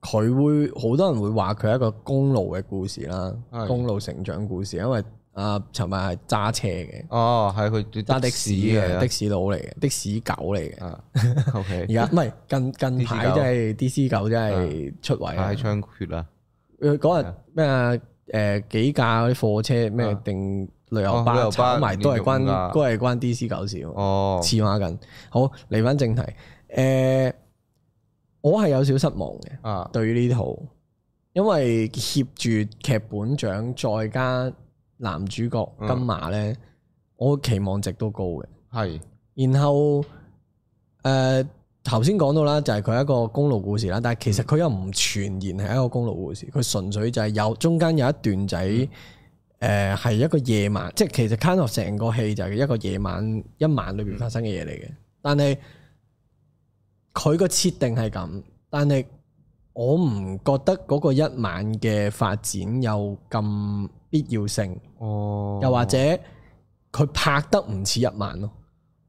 佢會好多人會話佢係一個公路嘅故事啦，公路成長故事，因為啊，尋日係揸車嘅。哦，係佢揸的士嘅，的士佬嚟嘅，的士狗嚟嘅。O K，而家唔係近近排即係 D C 狗真係出位啊！太猖獗啦！佢嗰日咩誒幾架啲貨車咩定？旅遊巴埋都係關，都係關 D.C. 搞笑。哦、呃。黐孖筋，好嚟翻正題。誒，我係有少失望嘅，啊、對於呢套，因為挾住劇本獎再加男主角金馬咧，嗯、我期望值都高嘅。係是。然後誒，頭先講到啦，就係佢係一個公路故事啦。但係其實佢又唔全然係一個公路故事，佢純粹就係有中間有一段仔。嗯誒係一個夜晚，即係其實《卡奈》成個戲就係一個夜晚一晚裏邊發生嘅嘢嚟嘅。但係佢個設定係咁，但係我唔覺得嗰個一晚嘅發展有咁必要性。哦。又或者佢拍得唔似一晚咯。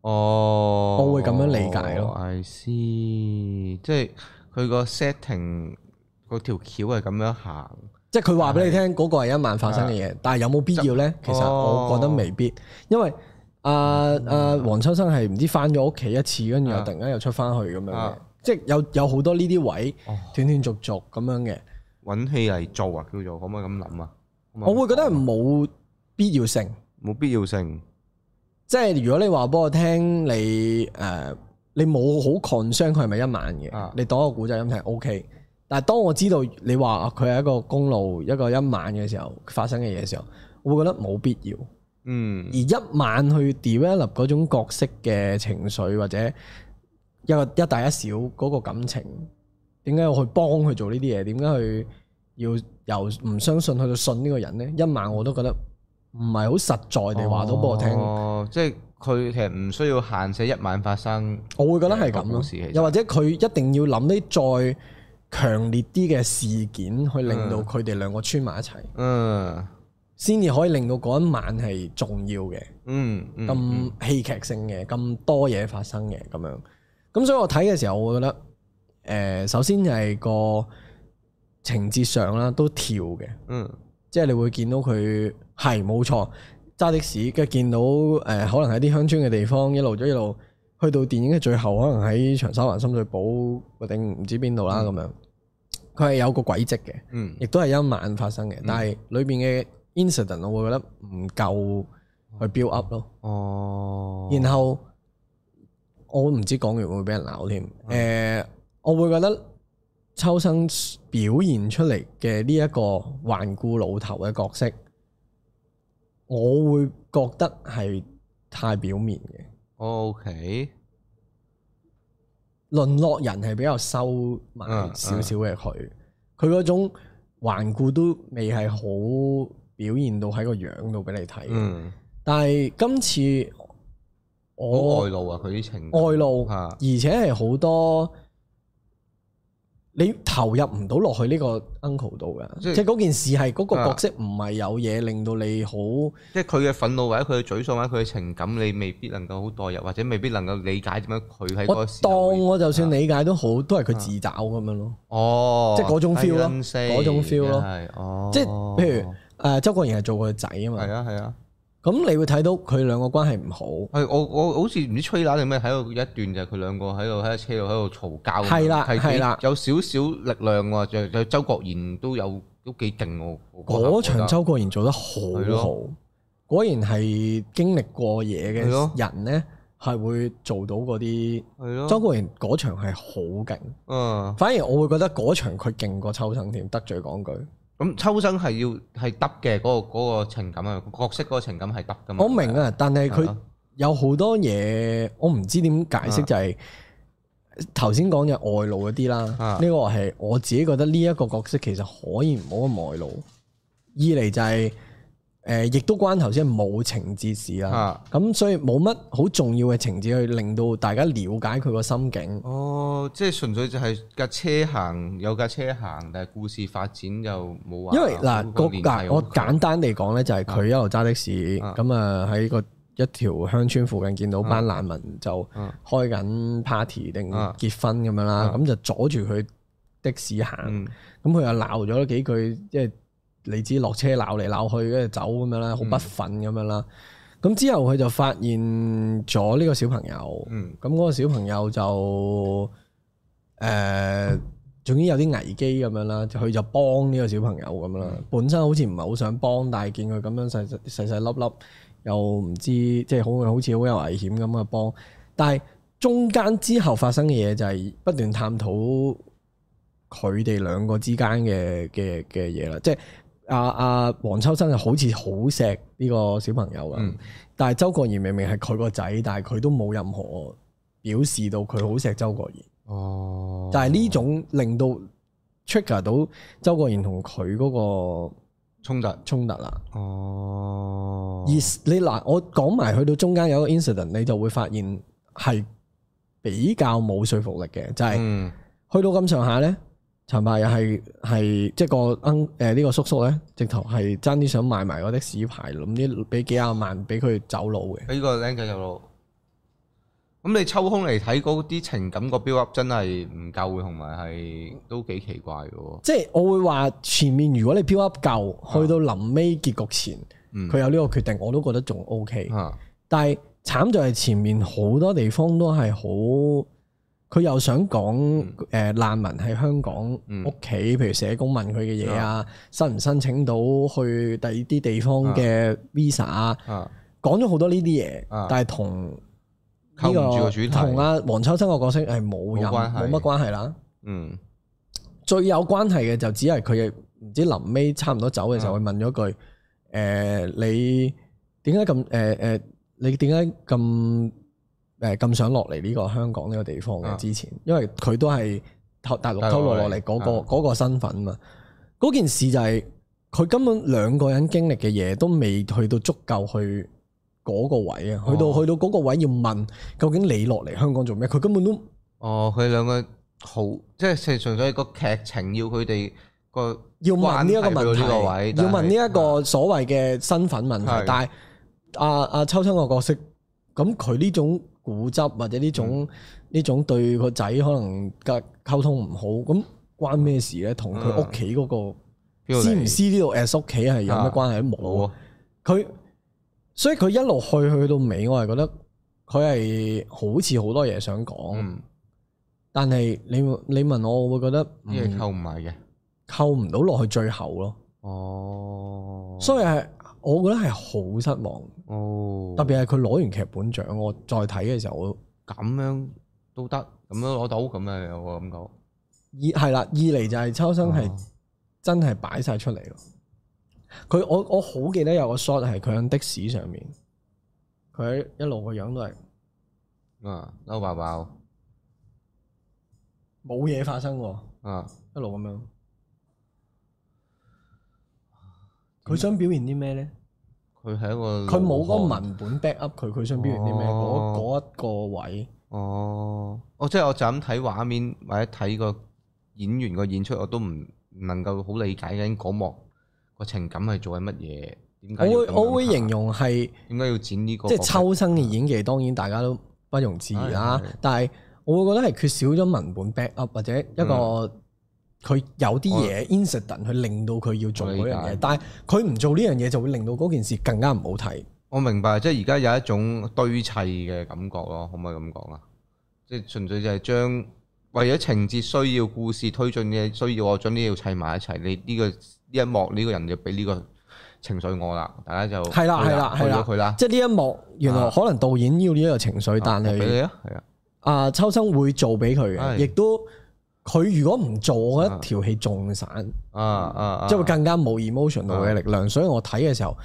哦。我會咁樣理解咯。I see，即係佢個 setting 嗰條橋係咁樣行。即係佢話俾你聽嗰個係一晚發生嘅嘢，但係有冇必要咧？其實我覺得未必，因為阿阿黃秋生係唔知翻咗屋企一次，跟住又突然間又出翻去咁樣，即係有有好多呢啲位斷斷續續咁樣嘅，揾戲嚟做啊，叫做可唔可以咁諗啊？我會覺得冇必要性，冇必要性。即係如果你話俾我聽你誒，你冇好 concern 佢係咪一晚嘅，你當個古仔聽，O K。但係當我知道你話佢係一個公路一個一晚嘅時候發生嘅嘢嘅時候，我會覺得冇必要，嗯。而一晚去 develop 嗰種角色嘅情緒或者一個一大一小嗰個感情，點解要去幫佢做呢啲嘢？點解去要由唔相信去到信呢個人呢？一晚我都覺得唔係好實在地話到俾我、哦、聽。哦，即係佢其實唔需要限死一晚發生。我會覺得係咁咯，又或者佢一定要諗啲再。強烈啲嘅事件去令到佢哋兩個穿埋一齊，嗯，先至可以令到嗰一晚係重要嘅，嗯，咁戲劇性嘅，咁多嘢發生嘅咁樣，咁所以我睇嘅時候，我覺得，誒、呃，首先就係個情節上啦，都跳嘅，嗯，uh, 即係你會見到佢係冇錯揸的士，跟住見到誒、呃，可能喺啲鄉村嘅地方一路一路，一路，一路去到電影嘅最後，可能喺長沙灣深水埗或者唔知邊度啦咁樣。佢係有個軌跡嘅，亦都係一晚發生嘅。嗯、但係裏邊嘅 incident，我會覺得唔夠去 build up 咯。哦，然後我唔知講完會唔會俾人鬧添。誒、哦呃，我會覺得秋生表現出嚟嘅呢一個頑固老頭嘅角色，我會覺得係太表面嘅。哦，okay。淪落人係比較收埋少少嘅佢，佢嗰、uh, uh. 種頑固都未係好表現到喺個樣度俾你睇。嗯、但係今次我外露啊，佢啲情緒外露，而且係好多。你投入唔到落去呢個 uncle 度嘅。即係是嗰件事係嗰、嗰個角色唔係有嘢的令到你好，即係佢嘅憤怒或者佢嘅沮喪或者佢嘅情感，你未必能夠好代入，或者未必能夠理解點樣佢喺嗰個。我當我就算理解都好，都係佢自找咁樣咯。哦，即係嗰種 feel 咯、嗯，嗰種 feel 咯。是哦，即係譬如誒、呃，周國賢係做個仔啊嘛。係啊，係啊。咁你會睇到佢兩個關係唔好。係我我好似唔知吹打定咩，喺度一段就佢兩個喺度喺車度喺度嘈交。係啦，係啦，有少少力量喎。就就周國賢都有都幾勁我。嗰場周國賢做得好好，的果然係經歷過嘢嘅人咧，係的會做到嗰啲。係咯的。周國賢嗰場係好勁。嗯、啊。反而我會覺得嗰場佢勁過秋生添，得罪講句。咁秋生係要係得嘅，嗰個嗰個情感啊，角色嗰個情感係得噶嘛。我明是我啊，但係佢有好多嘢，我唔知點解釋就係頭先講嘅外露嗰啲啦。呢、啊、個係我自己覺得呢一個角色其實可以唔好咁外露。二嚟就係、是。誒，亦都關頭先冇情節事啦，咁、啊嗯、所以冇乜好重要嘅情節去令到大家了解佢個心境。哦，即係純粹就係架車行，有架車行，但係故事發展就冇話。因為嗱個我簡單嚟講咧，就係佢一路揸的士，咁啊喺個一條鄉村附近見到班難民就開緊 party 定、啊、結婚咁樣啦，咁、啊、就阻住佢的士行，咁佢、嗯、又鬧咗幾句，即係。你知落車鬧嚟鬧去，跟住走咁樣啦，好不忿咁樣啦。咁、嗯、之後佢就發現咗呢個小朋友，咁嗰、嗯、個小朋友就誒、呃、總之有啲危機咁樣啦。佢就幫呢個小朋友咁樣啦。嗯、本身好似唔係好想幫，但係見佢咁樣細細細粒粒，又唔知即係、就是、好好似好有危險咁樣幫。但係中間之後發生嘅嘢就係不斷探討佢哋兩個之間嘅嘅嘅嘢啦，即係。阿阿、啊啊、黃秋生就好似好錫呢個小朋友啊、嗯。但係周國賢明明係佢個仔，但係佢都冇任何表示到佢好錫周國賢。哦，但係呢種令到 trigger 到周國賢同佢嗰個衝突衝、嗯、突啦。哦，而你嗱，我講埋去到中間有一個 incident，你就會發現係比較冇說服力嘅，就係、是、去到咁上下咧。陳柏又係係即個，誒、呃、呢、這個叔叔咧，直頭係爭啲想賣埋嗰啲屎牌，咁啲俾幾廿萬俾佢走佬嘅。呢個 link 咁你抽空嚟睇嗰啲情感個 build up 真係唔夠，同埋係都幾奇怪嘅。即係我會話前面如果你 build up 夠，啊、去到臨尾結局前，佢有呢個決定，我都覺得仲 ok。啊、但係慘就係前面好多地方都係好。佢又想講誒難民喺香港屋企，譬如社工問佢嘅嘢啊，申唔申請到去第二啲地方嘅 visa 啊，講咗好多呢啲嘢，啊、但係同呢個同阿黃秋生個角色係冇有關係，冇冇乜關係啦。嗯，最有關係嘅就只係佢嘅唔知臨尾差唔多走嘅時候，佢問咗句誒，你點解咁，誒誒你點解咁？誒，咁想落嚟，呢個香港呢個地方嘅之前，因為佢都係偷大陸偷落落嚟嗰個嗰個身份嘛。嗰件事就係佢根本兩個人經歷嘅嘢都未去到足夠去嗰個位啊，去到去到嗰個位要問究竟你落嚟香港做咩？佢根本都哦，佢兩個好即係純純粹係個劇情要佢哋個要問呢一個問題，要問呢一個所謂嘅身份問題。但係阿阿秋生個角色咁佢呢種。固執或者呢種呢、嗯、種對個仔可能嘅溝通唔好，咁關咩事咧？同佢屋企嗰個知唔知呢度 S 屋企係有咩關係都冇啊！佢所以佢一路去去到尾，我係覺得佢係好似好多嘢想講，嗯、但係你你問我，我會覺得咩溝唔埋嘅？溝唔到落去最後咯。哦，所以係。我覺得係好失望，哦、特別係佢攞完劇本獎，我再睇嘅時候，我咁樣都得，咁樣攞到咁樣有個感覺。二係啦，二嚟就係秋生係真係擺晒出嚟咯。佢我我好記得有個 shot 係佢喺的士上面，佢一路個樣都係啊嬲爆爆，冇嘢發生喎。啊，一路咁樣。佢想表現啲咩咧？佢係一個，佢冇嗰個文本 back up 佢，佢想表現啲咩？嗰一、哦、個位，哦，哦，即係我就咁睇畫面或者睇個演員個演出，我都唔能夠好理解緊嗰幕個情感係做緊乜嘢？我會我會形容係點解要剪呢、這個？即係秋生嘅演技，嗯、當然大家都不容置疑啦、啊。但係我會覺得係缺少咗文本 back up 或者一個。佢有啲嘢 incident 去令到佢要做嗰樣嘢，在但係佢唔做呢樣嘢就會令到嗰件事更加唔好睇。我明白，即係而家有一種堆砌嘅感覺咯，可唔可以咁講啊？即係純粹就係將為咗情節需要、故事推進嘅需要，我將呢度砌埋一齊。你呢、呢個呢一幕呢個人要俾呢個情緒我啦，大家就係的啦，係的啦，係啦，即係呢一幕原來可能導演要呢一個情緒，啊、但係是啊，啊秋生會做俾佢嘅，亦都。佢如果唔做，我覺得條戲仲散，啊啊，即、啊、係會更加冇 emotional 嘅、啊啊、力量。所以我睇嘅時候，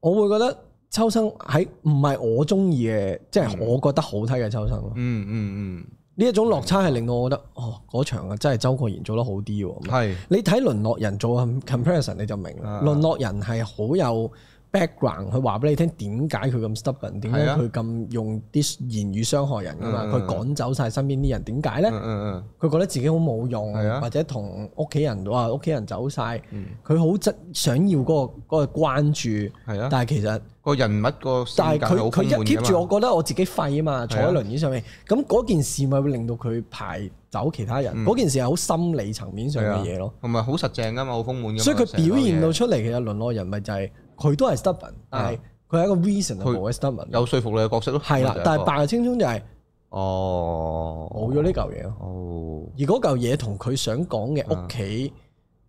我會覺得秋生喺唔係我中意嘅，即係、嗯、我覺得好睇嘅秋生。嗯嗯嗯，呢、嗯、一、嗯、種落差係令到我覺得，哦，嗰場啊真係周國賢做得好啲喎。是你睇《淪落人》做 comparison 你就明喇，嗯《淪落、啊、人》係好有。Background，佢話俾你聽點解佢咁 stubborn，點解佢咁用啲言語傷害人㗎嘛？佢趕走晒身邊啲人，點解咧？嗯嗯，佢覺得自己好冇用，或者同屋企人話，屋企人走晒。佢好想要嗰個嗰個關注。係啊。但係其實個人物個但格係佢一 keep 住，我覺得我自己廢啊嘛，坐喺輪椅上面。咁嗰件事咪會令到佢排走其他人？嗰件事係好心理層面上嘅嘢咯。唔係好實正㗎嘛，好豐滿。所以佢表現到出嚟其實淪落人咪就係。佢都係 stubborn，但係佢係一個 reason 係冇 stubborn，有說服你嘅角色咯。係啦，但係白日青春就係哦，冇咗呢嚿嘢咯。哦，而嗰嚿嘢同佢想講嘅屋企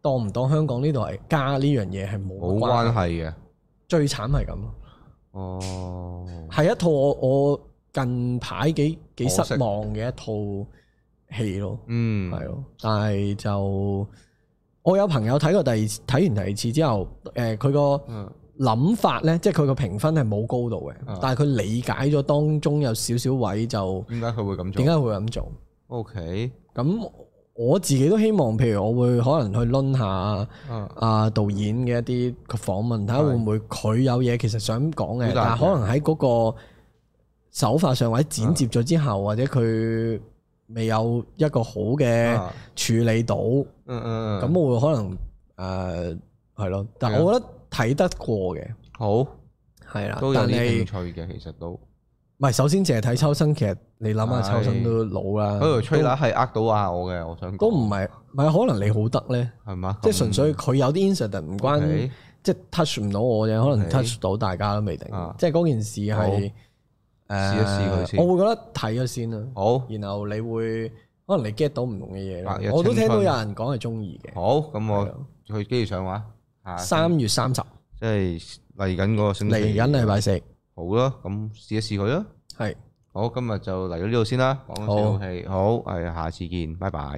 當唔當香港呢度係家呢樣嘢係冇冇關係嘅。最慘係咁咯。哦，係一套我我近排幾幾失望嘅一套戲咯。嗯，係咯。但係就我有朋友睇過第二次，睇完第二次之後，誒佢個嗯。諗法咧，即係佢個評分係冇高度嘅，啊、但係佢理解咗當中有少少位就點解佢會咁做？點解佢會咁做？OK，咁我自己都希望，譬如我會可能去輪下啊、呃，導演嘅一啲訪問，睇下會唔會佢有嘢其實想講嘅，的但係可能喺嗰個手法上或者剪接咗之後，啊、或者佢未有一個好嘅處理到，嗯嗯、啊，咁、啊、我會可能誒係咯，但係我覺得。睇得過嘅，好係啦，都有啲興趣嘅，其實都唔係。首先淨係睇秋生，其實你諗下秋生都老啦。嗰吹喇係呃到阿我嘅，我想都唔係，唔係可能你好得咧，係嘛？即係純粹佢有啲 incident 唔關，即係 touch 唔到我嘅，可能 touch 到大家都未定。即係嗰件事係，誒，試一試佢先。我會覺得睇咗先啦。好，然後你會可能你 get 到唔同嘅嘢，我都聽到有人講係中意嘅。好，咁我去機場玩。三月三十，即係嚟緊個星期，嚟緊禮拜四，好咯，咁試一試佢咯。係，好，今日就嚟到呢度先啦。好，好，好，係，我哋下次見，拜拜。